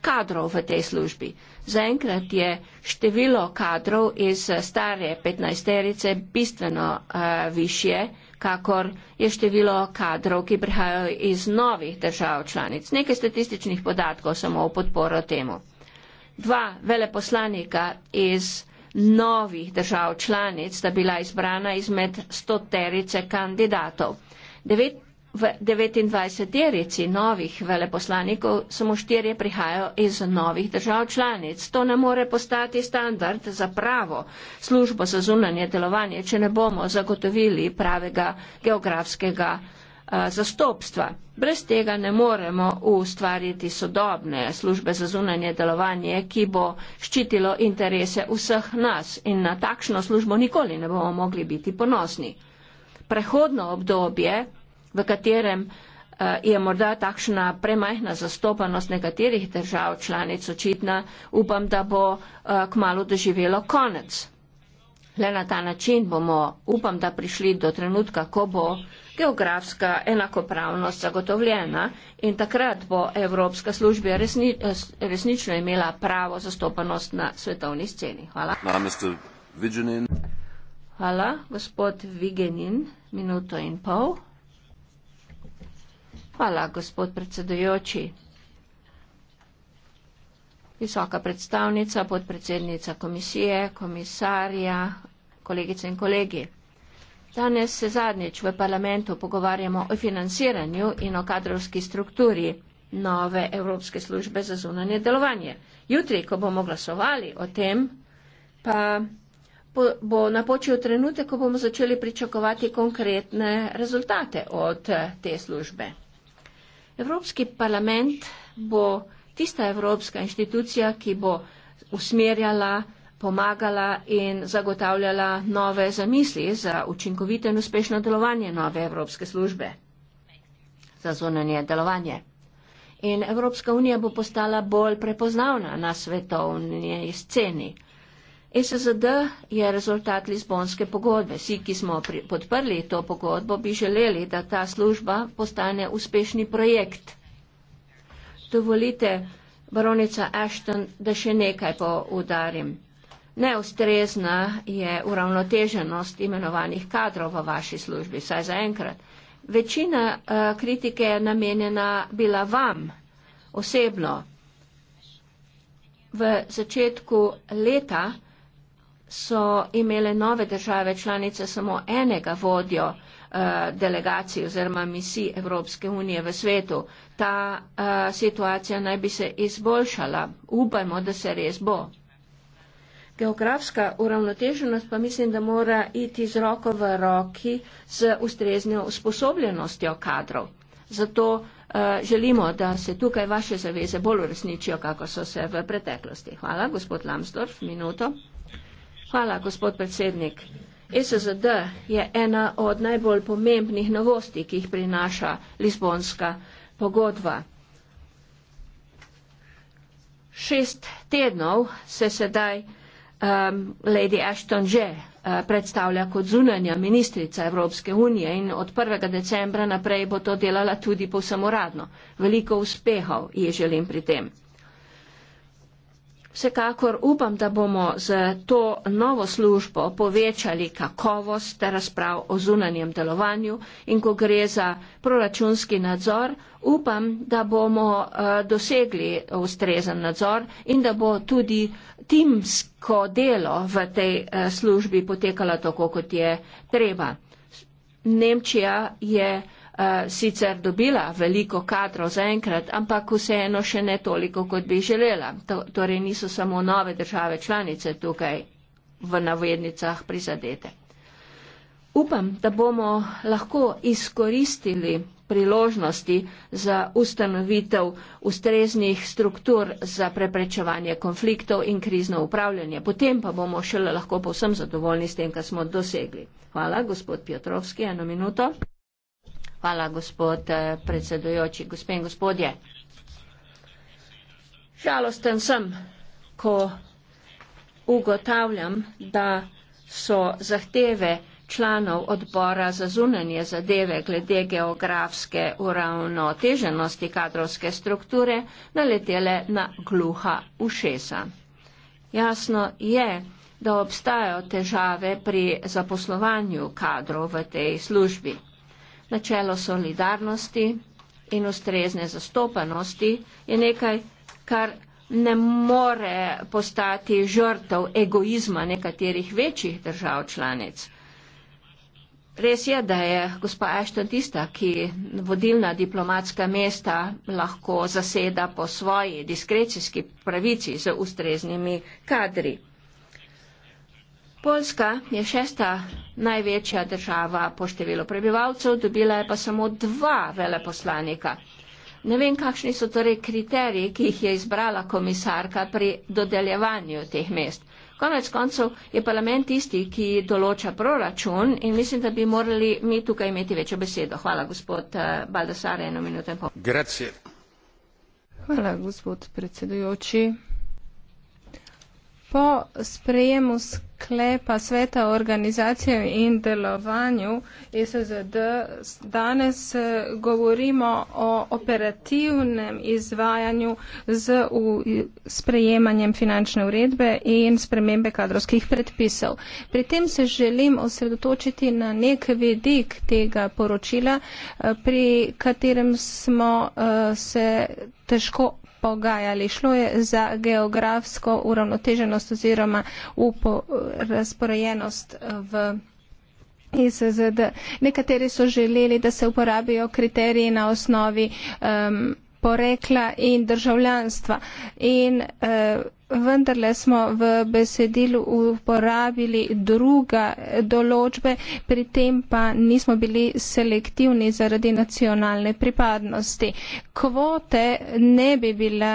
kadrov v tej službi. Zaenkrat je število kadrov iz stare 15-terice bistveno uh, eh, više, kakor je število kadrov, ki prihajajo iz novih držav članic. Nekaj statističnih podatkov samo v podporo temu. Dva veleposlanika iz novih držav članic sta bila izbrana izmed 100-terice kandidatov v 29 derici novih veleposlanikov samo štirje prihajajo iz novih držav članic. To ne more postati standard za pravo službo za zunanje delovanje, če ne bomo zagotovili pravega geografskega eh, zastopstva. Brez tega ne moremo ustvariti sodobne službe za zunanje delovanje, ki bo ščitilo interese vseh nas in na takšno službo nikoli ne bomo mogli biti ponosni. Prehodno obdobje v katerem eh, je morda takšna premajhna zastopanost nekaterih držav članic očitna, upam, da bo eh, kmalo doživelo konec. Le na ta način bomo, upam, da prišli do trenutka, ko bo geografska enakopravnost zagotovljena in takrat bo Evropska služba resni, eh, resnično imela pravo zastopanost na svetovni sceni. Hvala. Hvala, gospod Vigenin, minuto in pol. Hvala, gospod predsedujoči. Visoka predstavnica, podpredsednica komisije, komisarja, kolegice in kolegi. Danes se zadnjič v parlamentu pogovarjamo o financiranju in o kadrovski strukturi nove Evropske službe za zunanje delovanje. Jutri, ko bomo glasovali o tem, pa bo napočil trenutek, ko bomo začeli pričakovati konkretne rezultate od te službe. Evropski parlament bo tista evropska inštitucija, ki bo usmerjala, pomagala in zagotavljala nove zamisli za učinkovite in uspešno delovanje nove Evropske službe za zunanje delovanje. In Evropska unija bo postala bolj prepoznavna na svetovni sceni. SSD je rezultat Lizbonske pogodbe. Vsi, ki smo pri, podprli to pogodbo, bi želeli, da ta služba postane uspešni projekt. Dovolite, baronica Ashton, da še nekaj poudarim. Neustrezna je uravnoteženost imenovanih kadrov v vaši službi, saj zaenkrat. Večina uh, kritike je namenjena bila vam osebno. V začetku leta so imele nove države članice samo enega vodjo eh, delegacij oziroma misij Evropske unije v svetu. Ta eh, situacija naj bi se izboljšala. Upajmo, da se res bo. Geografska uravnoteženost pa mislim, da mora iti z roko v roki z ustreznjo usposobljenostjo kadrov. Zato eh, želimo, da se tukaj vaše zaveze bolj uresničijo, kako so se v preteklosti. Hvala, gospod Lambsdorff, minuto. Hvala, gospod predsednik. SZD je ena od najbolj pomembnih novosti, ki jih prinaša Lizbonska pogodba. Šest tednov se sedaj um, Lady Ashton že uh, predstavlja kot zunanja ministrica Evropske unije in od 1. decembra naprej bo to delala tudi povsem uradno. Veliko uspehov ji želim pri tem. Vsekakor upam, da bomo z to novo službo povečali kakovost razprav o zunanjem delovanju in ko gre za proračunski nadzor, upam, da bomo eh, dosegli ustrezen nadzor in da bo tudi timsko delo v tej eh, službi potekalo tako, kot je treba. Nemčija je Eh, sicer dobila veliko kadrov zaenkrat, ampak vseeno še ne toliko, kot bi želela. To, torej niso samo nove države članice tukaj v navednicah prizadete. Upam, da bomo lahko izkoristili priložnosti za ustanovitev ustreznih struktur za preprečevanje konfliktov in krizno upravljanje. Potem pa bomo šele lahko povsem zadovoljni s tem, kar smo dosegli. Hvala, gospod Pjotrovski, eno minuto. Hvala, gospod eh, predsedujoči. Gospe in gospodje, žalosten sem, ko ugotavljam, da so zahteve članov odbora za zunanje zadeve glede geografske uravnoteženosti kadrovske strukture naletele na gluha ušesa. Jasno je, da obstajajo težave pri zaposlovanju kadrov v tej službi načelo solidarnosti in ustrezne zastopanosti je nekaj, kar ne more postati žrtev egoizma nekaterih večjih držav članic. Res je, da je gospa Ashton tista, ki vodilna diplomatska mesta lahko zaseda po svoji diskrecijski pravici z ustreznimi kadri. Poljska je šesta največja država po številu prebivalcev, dobila je pa samo dva veleposlanika. Ne vem, kakšni so torej kriteriji, ki jih je izbrala komisarka pri dodeljevanju teh mest. Konec koncev je parlament tisti, ki določa proračun in mislim, da bi morali mi tukaj imeti večjo besedo. Hvala, gospod eh, Baldasare, eno minuto in pol. Grazie. Hvala, gospod predsedujoči po sprejemu sklepa sveta o organizaciji in delovanju ISZD danes eh, govorimo o operativnem izvajanju z sprejemanjem finančne uredbe in spremembe kadrovskih predpisov. Pri tem se želim osredotočiti na nek vidik tega poročila, eh, pri katerem smo eh, se težko pogajali. Šlo je za geografsko uravnoteženost oziroma upo, razporejenost eh, v. E SZD. Nekateri so želeli, da se uporabijo kriteriji na osnovi um, porekla in državljanstva. In, uh, vendarle smo v besedilu uporabili druga določbe, pri tem pa nismo bili selektivni zaradi nacionalne pripadnosti. Kvote ne bi bila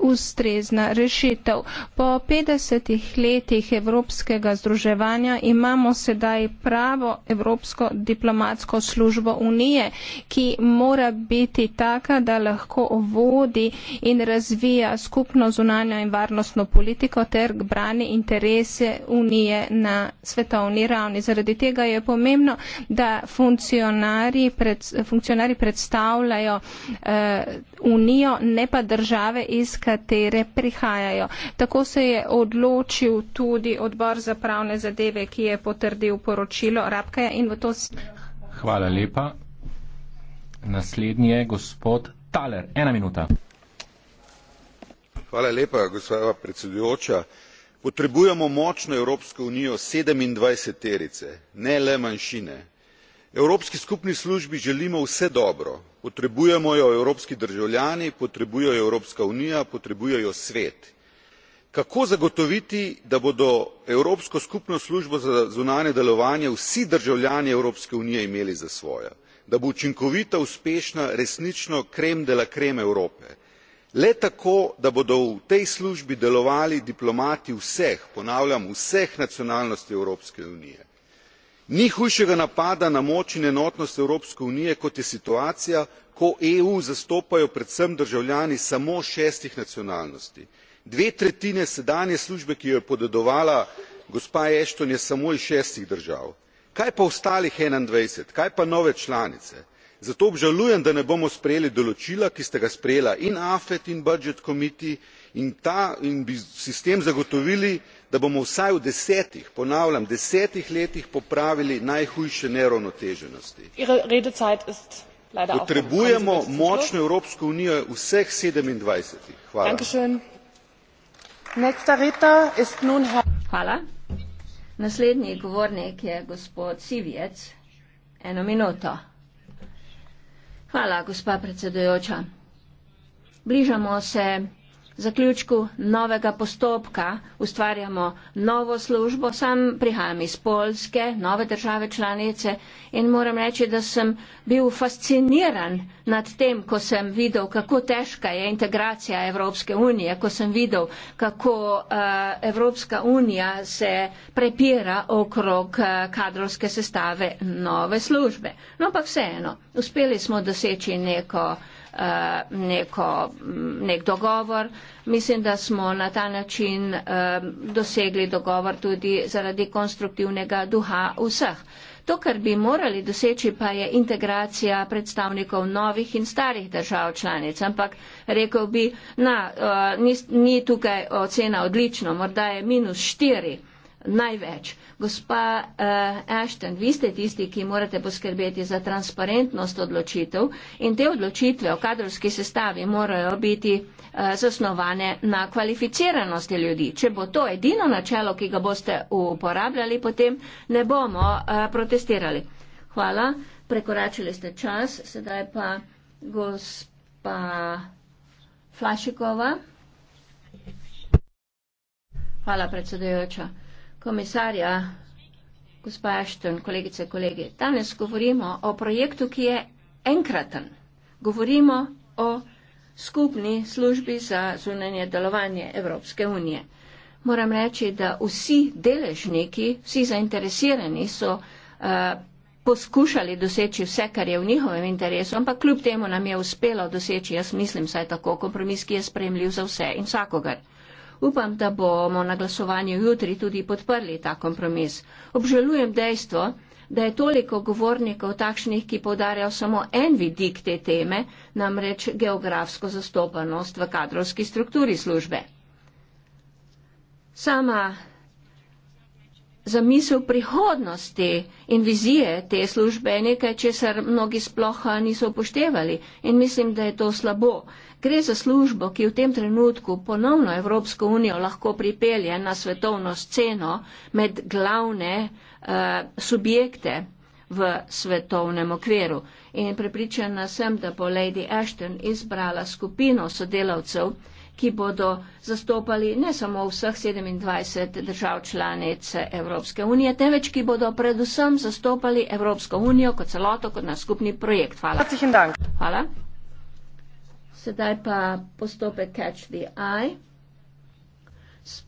ustrezna rešitev. Po 50 letih evropskega združevanja imamo sedaj pravo Evropsko diplomatsko službo Unije, ki mora biti taka, da lahko vodi in razvija skupno zunanjo in varnostno politiko ter brani interese Unije na svetovni ravni. Zaradi tega je pomembno, da funkcionari, pred, funkcionari predstavljajo eh, unijo, ne pa države, iz katere prihajajo. Tako se je odločil tudi odbor za pravne zadeve, ki je potrdil poročilo Rabkaja in v to. Hvala lepa. Naslednji je gospod Taler. Ena minuta. Hvala lepa, gospod predsedujoča. Potrebujemo močno Evropsko unijo 27 terice, ne le manjšine. Evropski skupni službi želimo vse dobro, potrebujemo jo evropski državljani potrebuje jo evropska unija potrebuje jo svet. kako zagotoviti da bodo evropsko skupno službo za zunanje delovanje vsi državljani evropske unije imeli za svojo da bo učinkovita uspešna resnično creme de la creme evrope. le tako da bodo v tej službi delovali diplomati vseh ponavljam vseh nacionalnosti evropske unije ni hujšega napada na moč in enotnost evropske unije kot je situacija ko eu zastopajo predvsem državljani samo šestih nacionalnosti dve tretjini sedanje službe ki jo je podedovala gospa ashton je samo iz šestih držav kaj pa ostalih enaindvajset kaj pa nove članice zato obžalujem da ne bomo sprejeli določila ki sta ga sprejela in afet in budget committee in ta in bi sistem zagotovili da bomo vsaj v desetih ponavljam desetih letih popravili najhujše neuravnoteženosti. potrebujemo močno evropsko unijo vseh sedemindvajset ih. bližamo se zaključku novega postopka ustvarjamo novo službo. Sam prihajam iz Polske, nove države članice in moram reči, da sem bil fasciniran nad tem, ko sem videl, kako težka je integracija Evropske unije, ko sem videl, kako uh, Evropska unija se prepira okrog uh, kadrovske sestave nove službe. No, ampak vseeno, uspeli smo doseči neko Eh, neko, nek dogovor. Mislim, da smo na ta način eh, dosegli dogovor tudi zaradi konstruktivnega duha vseh. To, kar bi morali doseči, pa je integracija predstavnikov novih in starih držav članic. Ampak rekel bi, na, eh, ni, ni tukaj ocena odlično, morda je minus štiri največ. Gospa uh, Ashton, vi ste tisti, ki morate poskrbeti za transparentnost odločitev in te odločitve o kadrovski sestavi morajo biti uh, zasnovane na kvalificiranosti ljudi. Če bo to edino načelo, ki ga boste uporabljali, potem ne bomo uh, protestirali. Hvala, prekoračili ste čas. Sedaj pa gospa Flašikova. Hvala, predsedujoča komisarja, gospa Ashton, kolegice, kolegi. Danes govorimo o projektu, ki je enkraten. Govorimo o skupni službi za zunanje delovanje Evropske unije. Moram reči, da vsi deležniki, vsi zainteresirani so uh, poskušali doseči vse, kar je v njihovem interesu, ampak kljub temu nam je uspelo doseči, jaz mislim, saj tako kompromis, ki je spremljiv za vse in vsakogar. Upam, da bomo na glasovanju jutri tudi podprli ta kompromis. Obžalujem dejstvo, da je toliko govornikov takšnih, ki podarjajo samo en vidik te teme, namreč geografsko zastopanost v kadrovski strukturi službe. Sama za misel prihodnosti in vizije te službe nekaj, česar mnogi sploh niso upoštevali in mislim, da je to slabo. Gre za službo, ki v tem trenutku ponovno Evropsko unijo lahko pripelje na svetovno sceno med glavne uh, subjekte v svetovnem okviru. In pripričana sem, da bo Lady Ashton izbrala skupino sodelavcev, ki bodo zastopali ne samo vseh 27 držav članic Evropske unije, temveč ki bodo predvsem zastopali Evropsko unijo kot celoto, kot naš skupni projekt. Hvala. Hvala. Sedaj pa postopek Catch the Eye.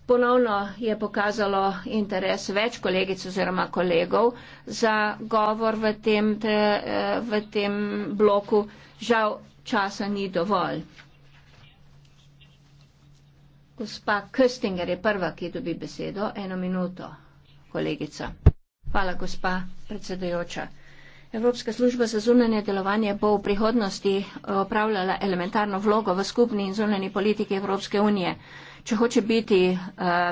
Ponovno je pokazalo interes več kolegic oziroma kolegov za govor v tem, te, eh, v tem bloku. Žal časa ni dovolj. Gospa Köstinger je prva, ki dobi besedo. Eno minuto, kolegica. Hvala, gospa predsedujoča. Evropska služba za zunanje delovanje bo v prihodnosti opravljala elementarno vlogo v skupni in zunanji politiki Evropske unije če hoče biti uh,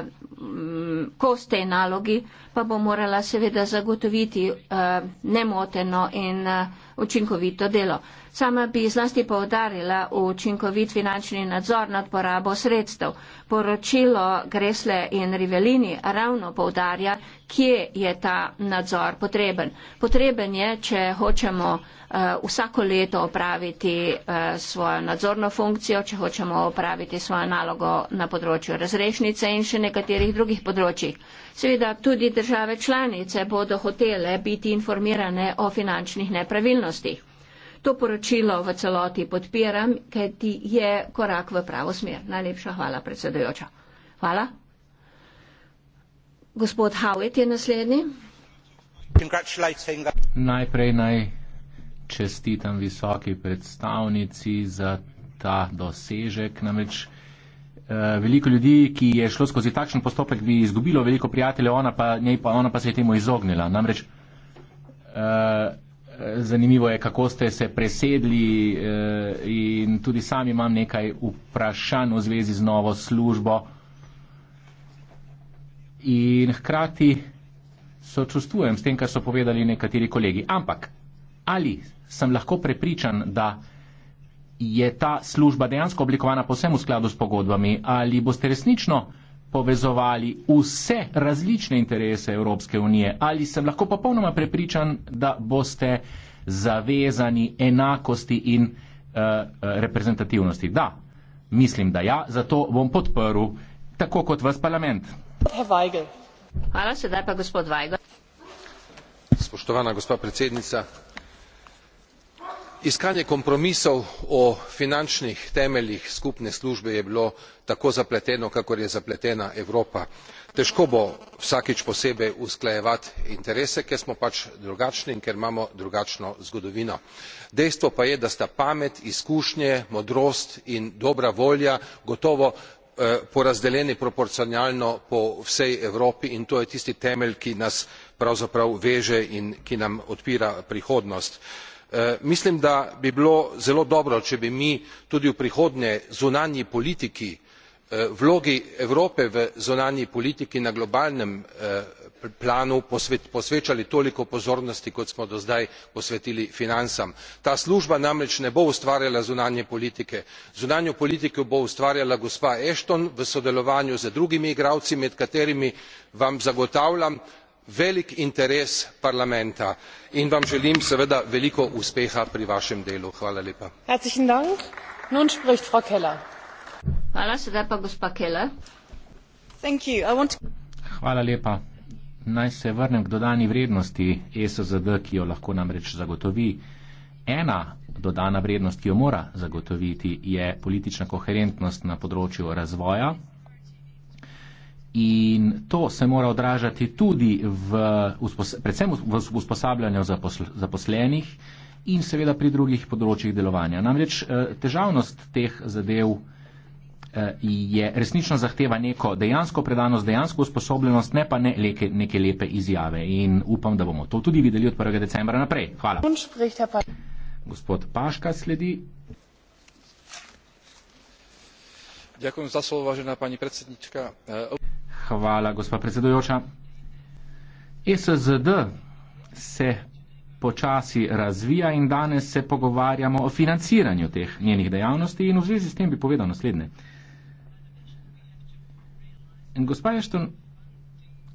kos tej nalogi, pa bo morala seveda zagotoviti uh, nemoteno in uh, učinkovito delo. Sama bi zlasti povdarila učinkovit finančni nadzor nad porabo sredstev. Poročilo Gresle in Rivelini ravno povdarja, kje je ta nadzor potreben. Potreben je, če hočemo. Eh, vsako leto opraviti eh, svojo nadzorno funkcijo, če hočemo opraviti svojo nalogo na področju razrešnice in še nekaterih drugih področjih. Seveda tudi države članice bodo hotele biti informirane o finančnih nepravilnostih. To poročilo v celoti podpiram, ker ti je korak v pravo smer. Najlepša hvala, predsedujoča. Hvala. Gospod Howitt je naslednji. Najprej naj čestitam visoki predstavnici za ta dosežek. Namreč eh, veliko ljudi, ki je šlo skozi takšen postopek, bi izgubilo veliko prijateljev, ona pa, nej, ona pa se je temu izognila. Namreč eh, zanimivo je, kako ste se presedli eh, in tudi sam imam nekaj vprašanj v zvezi z novo službo. In hkrati sočustvujem s tem, kar so povedali nekateri kolegi. Ampak ali sem lahko prepričan, da je ta služba dejansko oblikovana posebno v skladu s pogodbami, ali boste resnično povezovali vse različne interese Evropske unije, ali sem lahko popolnoma prepričan, da boste zavezani enakosti in uh, reprezentativnosti. Da, mislim, da ja, zato bom podprl tako kot vas parlament. Hvala, sedaj pa gospod Vajgo. Spoštovana gospa predsednica, iskanje kompromisov o finančnih temeljih skupne službe je bilo tako zapleteno kakor je zapletena evropa. težko bo vsakič posebej usklajevati interese ker smo pač drugačni in ker imamo drugačno zgodovino. dejstvo pa je da sta pamet izkušnje modrost in dobra volja gotovo eh, porazdeljeni proporcionalno po vsej evropi in to je tisti temelj ki nas pravzaprav veže in ki nam odpira prihodnost. Eh, mislim da bi bilo zelo dobro če bi mi tudi v prihodnje zunanji politiki eh, vlogi evrope v zunanji politiki na globalnem eh, planu posvečali toliko pozornosti kot smo do zdaj posvetili financam ta služba namreč ne bo ustvarjala zunanje politike zunanjo politiko bo ustvarjala gospa ashton v sodelovanju z drugimi igralci med katerimi vam zagotavljam velik interes parlamenta in vam želim seveda veliko uspeha pri vašem delu. naj se vrnem k dodani vrednosti esd ki jo lahko namreč zagotovi ena dodana vrednost ki jo mora zagotoviti je politična koherentnost na področju razvoja In to se mora odražati tudi v, predvsem v usposabljanju zaposlenih in seveda pri drugih področjih delovanja. Namreč eh, težavnost teh zadev eh, je resnično zahteva neko dejansko predanost, dejansko usposobljenost, ne pa ne leke, neke lepe izjave. In upam, da bomo to tudi videli od 1. decembra naprej. Hvala. Gospod Paška sledi. Ďakujem za slovo, vážená pani predsednička. Eh, Hvala, gospa predsedujoča. E SSD se počasi razvija in danes se pogovarjamo o financiranju teh njenih dejavnosti in v zvezi s tem bi povedal naslednje. In gospa Ešton,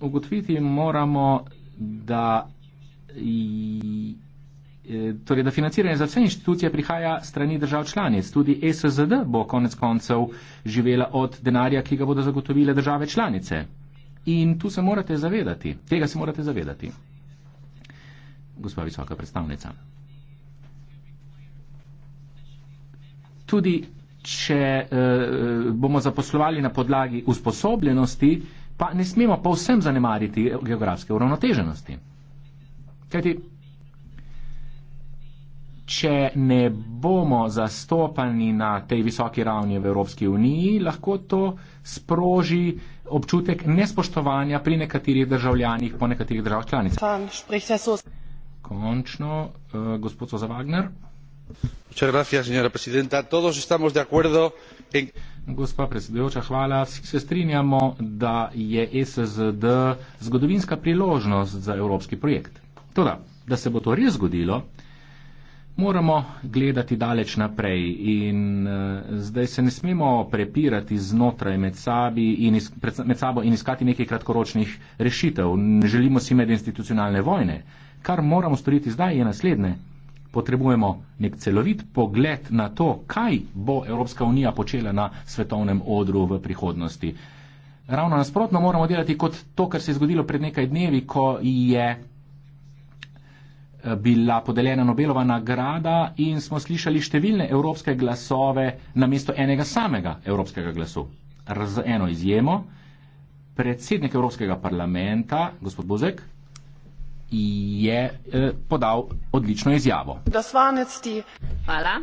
ugotoviti moramo, da Eh, torej, da financiranje za vse inštitucije prihaja strani držav članic. Tudi SSD bo konec koncev živela od denarja, ki ga bodo zagotovile države članice. In tu se morate zavedati, tega se morate zavedati. Gospa visoka predstavnica. Tudi če eh, bomo zaposlovali na podlagi usposobljenosti, pa ne smemo povsem zanemariti geografske uravnoteženosti. Kajti če ne bomo zastopani na tej visoki ravni v Evropski uniji, lahko to sproži občutek nespoštovanja pri nekaterih državljanih po nekaterih državah članicah. Končno, uh, gospod Soza Wagner. Muchas gracias, señora presidenta. Todos estamos de acuerdo en. Gospa predsedujoča, hvala. Vsi se strinjamo, da je SSD zgodovinska priložnost za evropski projekt. Toda, da se bo to res zgodilo, moramo gledati daleč naprej in uh, zdaj se ne smemo prepirati znotraj med, in is, pred, med sabo in iskati nekih kratkoročnih rešitev. Ne želimo si med institucionalne vojne. Kar moramo storiti zdaj je naslednje. Potrebujemo nek celovit pogled na to, kaj bo Evropska unija počela na svetovnem odru v prihodnosti. Ravno nasprotno moramo delati kot to, kar se je zgodilo pred nekaj dnevi, ko je bila podeljena Nobelova nagrada in smo slišali številne evropske glasove na mesto enega samega evropskega glasu. Z eno izjemo, predsednik Evropskega parlamenta, gospod Bozek, je eh, podal odlično izjavo. Hvala.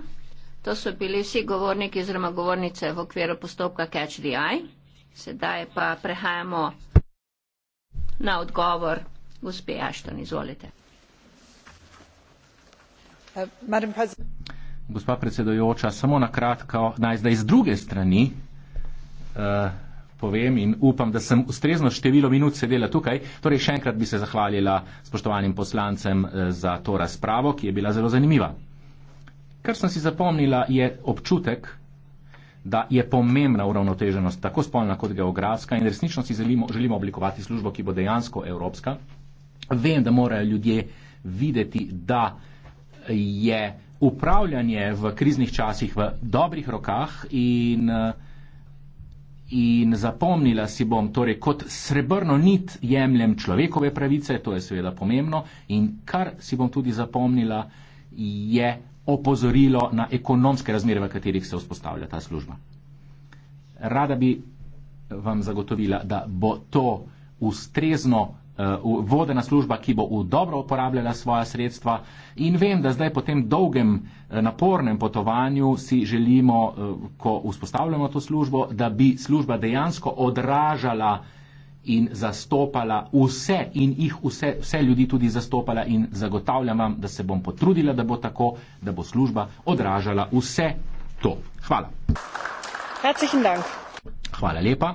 To so bili vsi govorniki oziroma govornice v okviru postopka Catch the Eye. Sedaj pa prehajamo na odgovor gospe Ashton. Izvolite. Gospa predsedujoča, samo na kratko, naj zdaj z druge strani uh, povem in upam, da sem ustrezno število minut sedela tukaj. Torej, še enkrat bi se zahvalila spoštovanim poslancem eh, za to razpravo, ki je bila zelo zanimiva. Kar sem si zapomnila, je občutek, da je pomembna uravnoteženost, tako spolna kot geografska in resnično si želimo, želimo oblikovati službo, ki bo dejansko evropska. Vem, da morajo ljudje videti, da je upravljanje v kriznih časih v dobrih rokah in, eh, in zapomnila si bom, torej kot srebrno nit jemljem človekove pravice, to je seveda pomembno in kar si bom tudi zapomnila je opozorilo na ekonomske razmere, v katerih se vzpostavlja ta služba. Rada bi vam zagotovila, da bo to ustrezno Eh, vodena služba, ki bo v dobro uporabljala svoja sredstva in vem, da zdaj po tem dolgem eh, napornem potovanju si želimo, eh, ko vzpostavljamo to službo, da bi služba dejansko odražala in zastopala vse in jih vse, vse ljudi tudi zastopala in zagotavljam vam, da se bom potrudila, da bo tako, da bo služba odražala vse to. Hvala. Hvala lepa.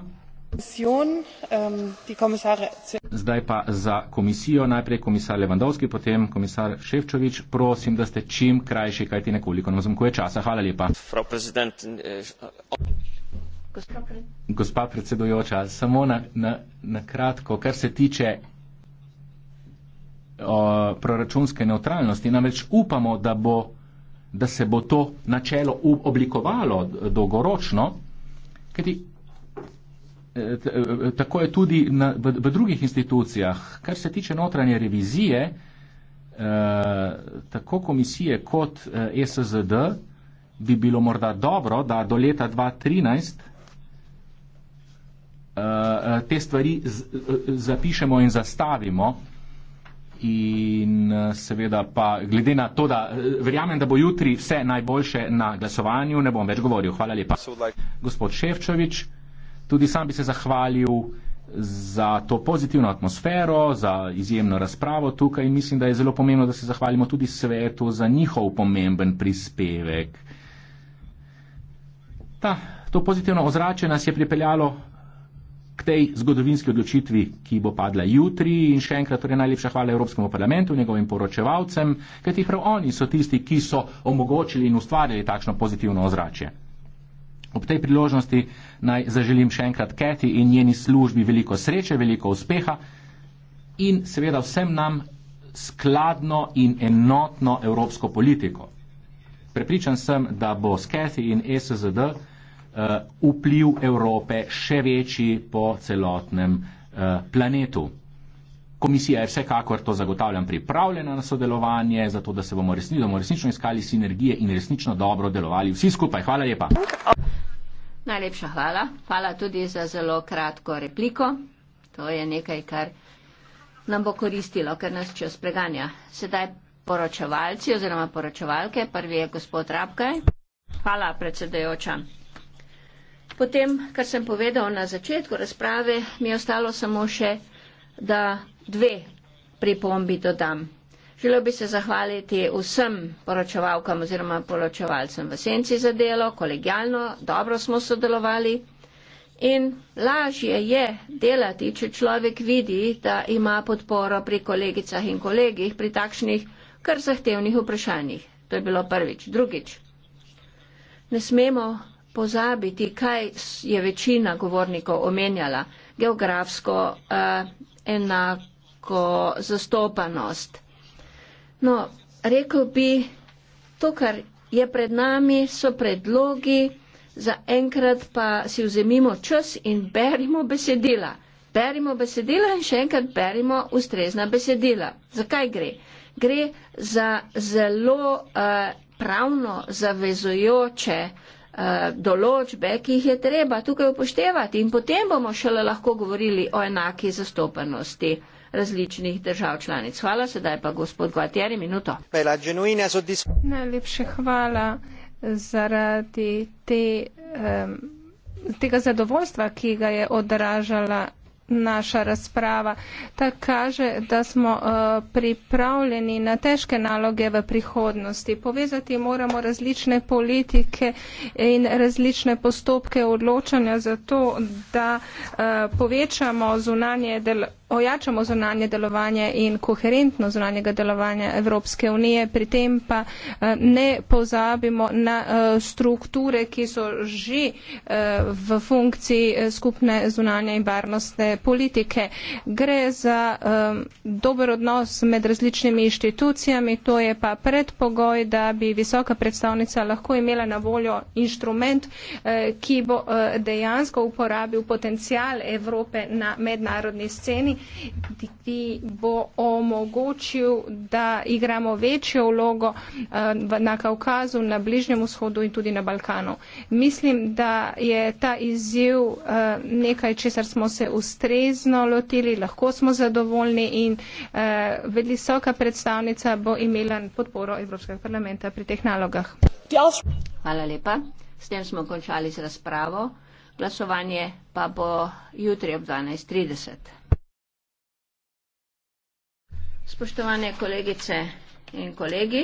Ehm, Zdaj pa za komisijo, najprej komisar Levandovski, potem komisar Ševčovič, prosim, da ste čim krajši, kaj ti nekoliko nam zamkuje časa. Hvala lepa. Äh, Gospa predsedujoča, samo na, na, na kratko, kar se tiče o, proračunske neutralnosti, namreč upamo, da, bo, da se bo to načelo oblikovalo dolgoročno, kajti tako je tudi na, v, v drugih institucijah. Kar se tiče notranje revizije, eh, tako komisije kot eh, SZD, bi bilo morda dobro, da do leta 2013 eh, te stvari zapišemo in zastavimo. In seveda pa glede na to, da verjamem, da bo jutri vse najboljše na glasovanju, ne bom več govoril. Hvala lepa. Gospod Ševčovič. Tudi sam bi se zahvalil za to pozitivno atmosfero, za izjemno razpravo tukaj in mislim, da je zelo pomembno, da se zahvalimo tudi svetu za njihov pomemben prispevek. Ta, to pozitivno ozračje nas je pripeljalo k tej zgodovinski odločitvi, ki bo padla jutri in še enkrat torej najlepša hvala Evropskemu parlamentu in njegovim poročevalcem, kajti prav oni so tisti, ki so omogočili in ustvarjali takšno pozitivno ozračje. Ob tej priložnosti naj zaželim še enkrat Keti in njeni službi veliko sreče, veliko uspeha in seveda vsem nam skladno in enotno evropsko politiko. Prepričan sem, da bo s Keti in SZD uh, eh, vpliv Evrope še večji po celotnem uh, planetu. Komisija je vsekakor to zagotavljam pripravljena na sodelovanje, zato da se bomo resnično, bomo resnično iskali sinergije in resnično dobro delovali vsi skupaj. Hvala lepa. Najlepša hvala. Hvala tudi za zelo kratko repliko. To je nekaj, kar nam bo koristilo, ker nas čas preganja. Sedaj poročevalci oziroma poročevalke. Prvi je gospod Rabkaj. Hvala, predsedajoča. Potem, kar sem povedal na začetku razprave, mi je ostalo samo še, da dve pripombi dodam. Želel bi se zahvaliti vsem poročevalkam oziroma poročevalcem v senci za delo, kolegijalno, dobro smo sodelovali. In lažje je delati, če človek vidi, da ima podporo pri kolegicah in kolegih pri takšnih kar zahtevnih vprašanjih. To je bilo prvič. Drugič. Ne smemo pozabiti, kaj je večina govornikov omenjala. Geografsko uh, enako zastopanost. No, rekel bi, to, kar je pred nami, so predlogi, za enkrat pa si vzemimo čas in berimo besedila. Berimo besedila in še enkrat berimo ustrezna besedila. Zakaj gre? Gre za zelo uh, pravno zavezojoče eh, določbe, ki jih je treba tukaj upoštevati in potem bomo šele lahko govorili o enaki zastopanosti različnih držav članic. Hvala, sedaj pa gospod Guatieri, minuto. Najlepše hvala zaradi te, um, tega zadovoljstva, ki ga je odražala naša razprava. Ta kaže, da smo uh, pripravljeni na težke naloge v prihodnosti. Povezati moramo različne politike in različne postopke odločanja za to, da uh, povečamo zunanje delovanje ojačamo zunanje delovanje in koherentno zunanjega delovanja Evropske unije, pri tem pa eh, ne pozabimo na eh, strukture, ki so že eh, v funkciji skupne zunanje in varnostne politike. Gre za dober odnos med različnimi inštitucijami, to je pa predpogoj, da bi visoka predstavnica lahko imela na voljo inštrument, ki bo dejansko uporabil potencial Evrope na mednarodni sceni ki bo omogočil, da igramo večjo vlogo eh, na Kaukazu, na Bližnjem vzhodu in tudi na Balkanu. Mislim, da je ta izziv eh, nekaj, česar smo se ustrezno lotili, lahko smo zadovoljni in eh, visoka predstavnica bo imela podporo Evropskega parlamenta pri teh nalogah. Hvala lepa. S tem smo končali z razpravo. Glasovanje pa bo jutri ob 12.30. Spoštovane kolegice in kolegi.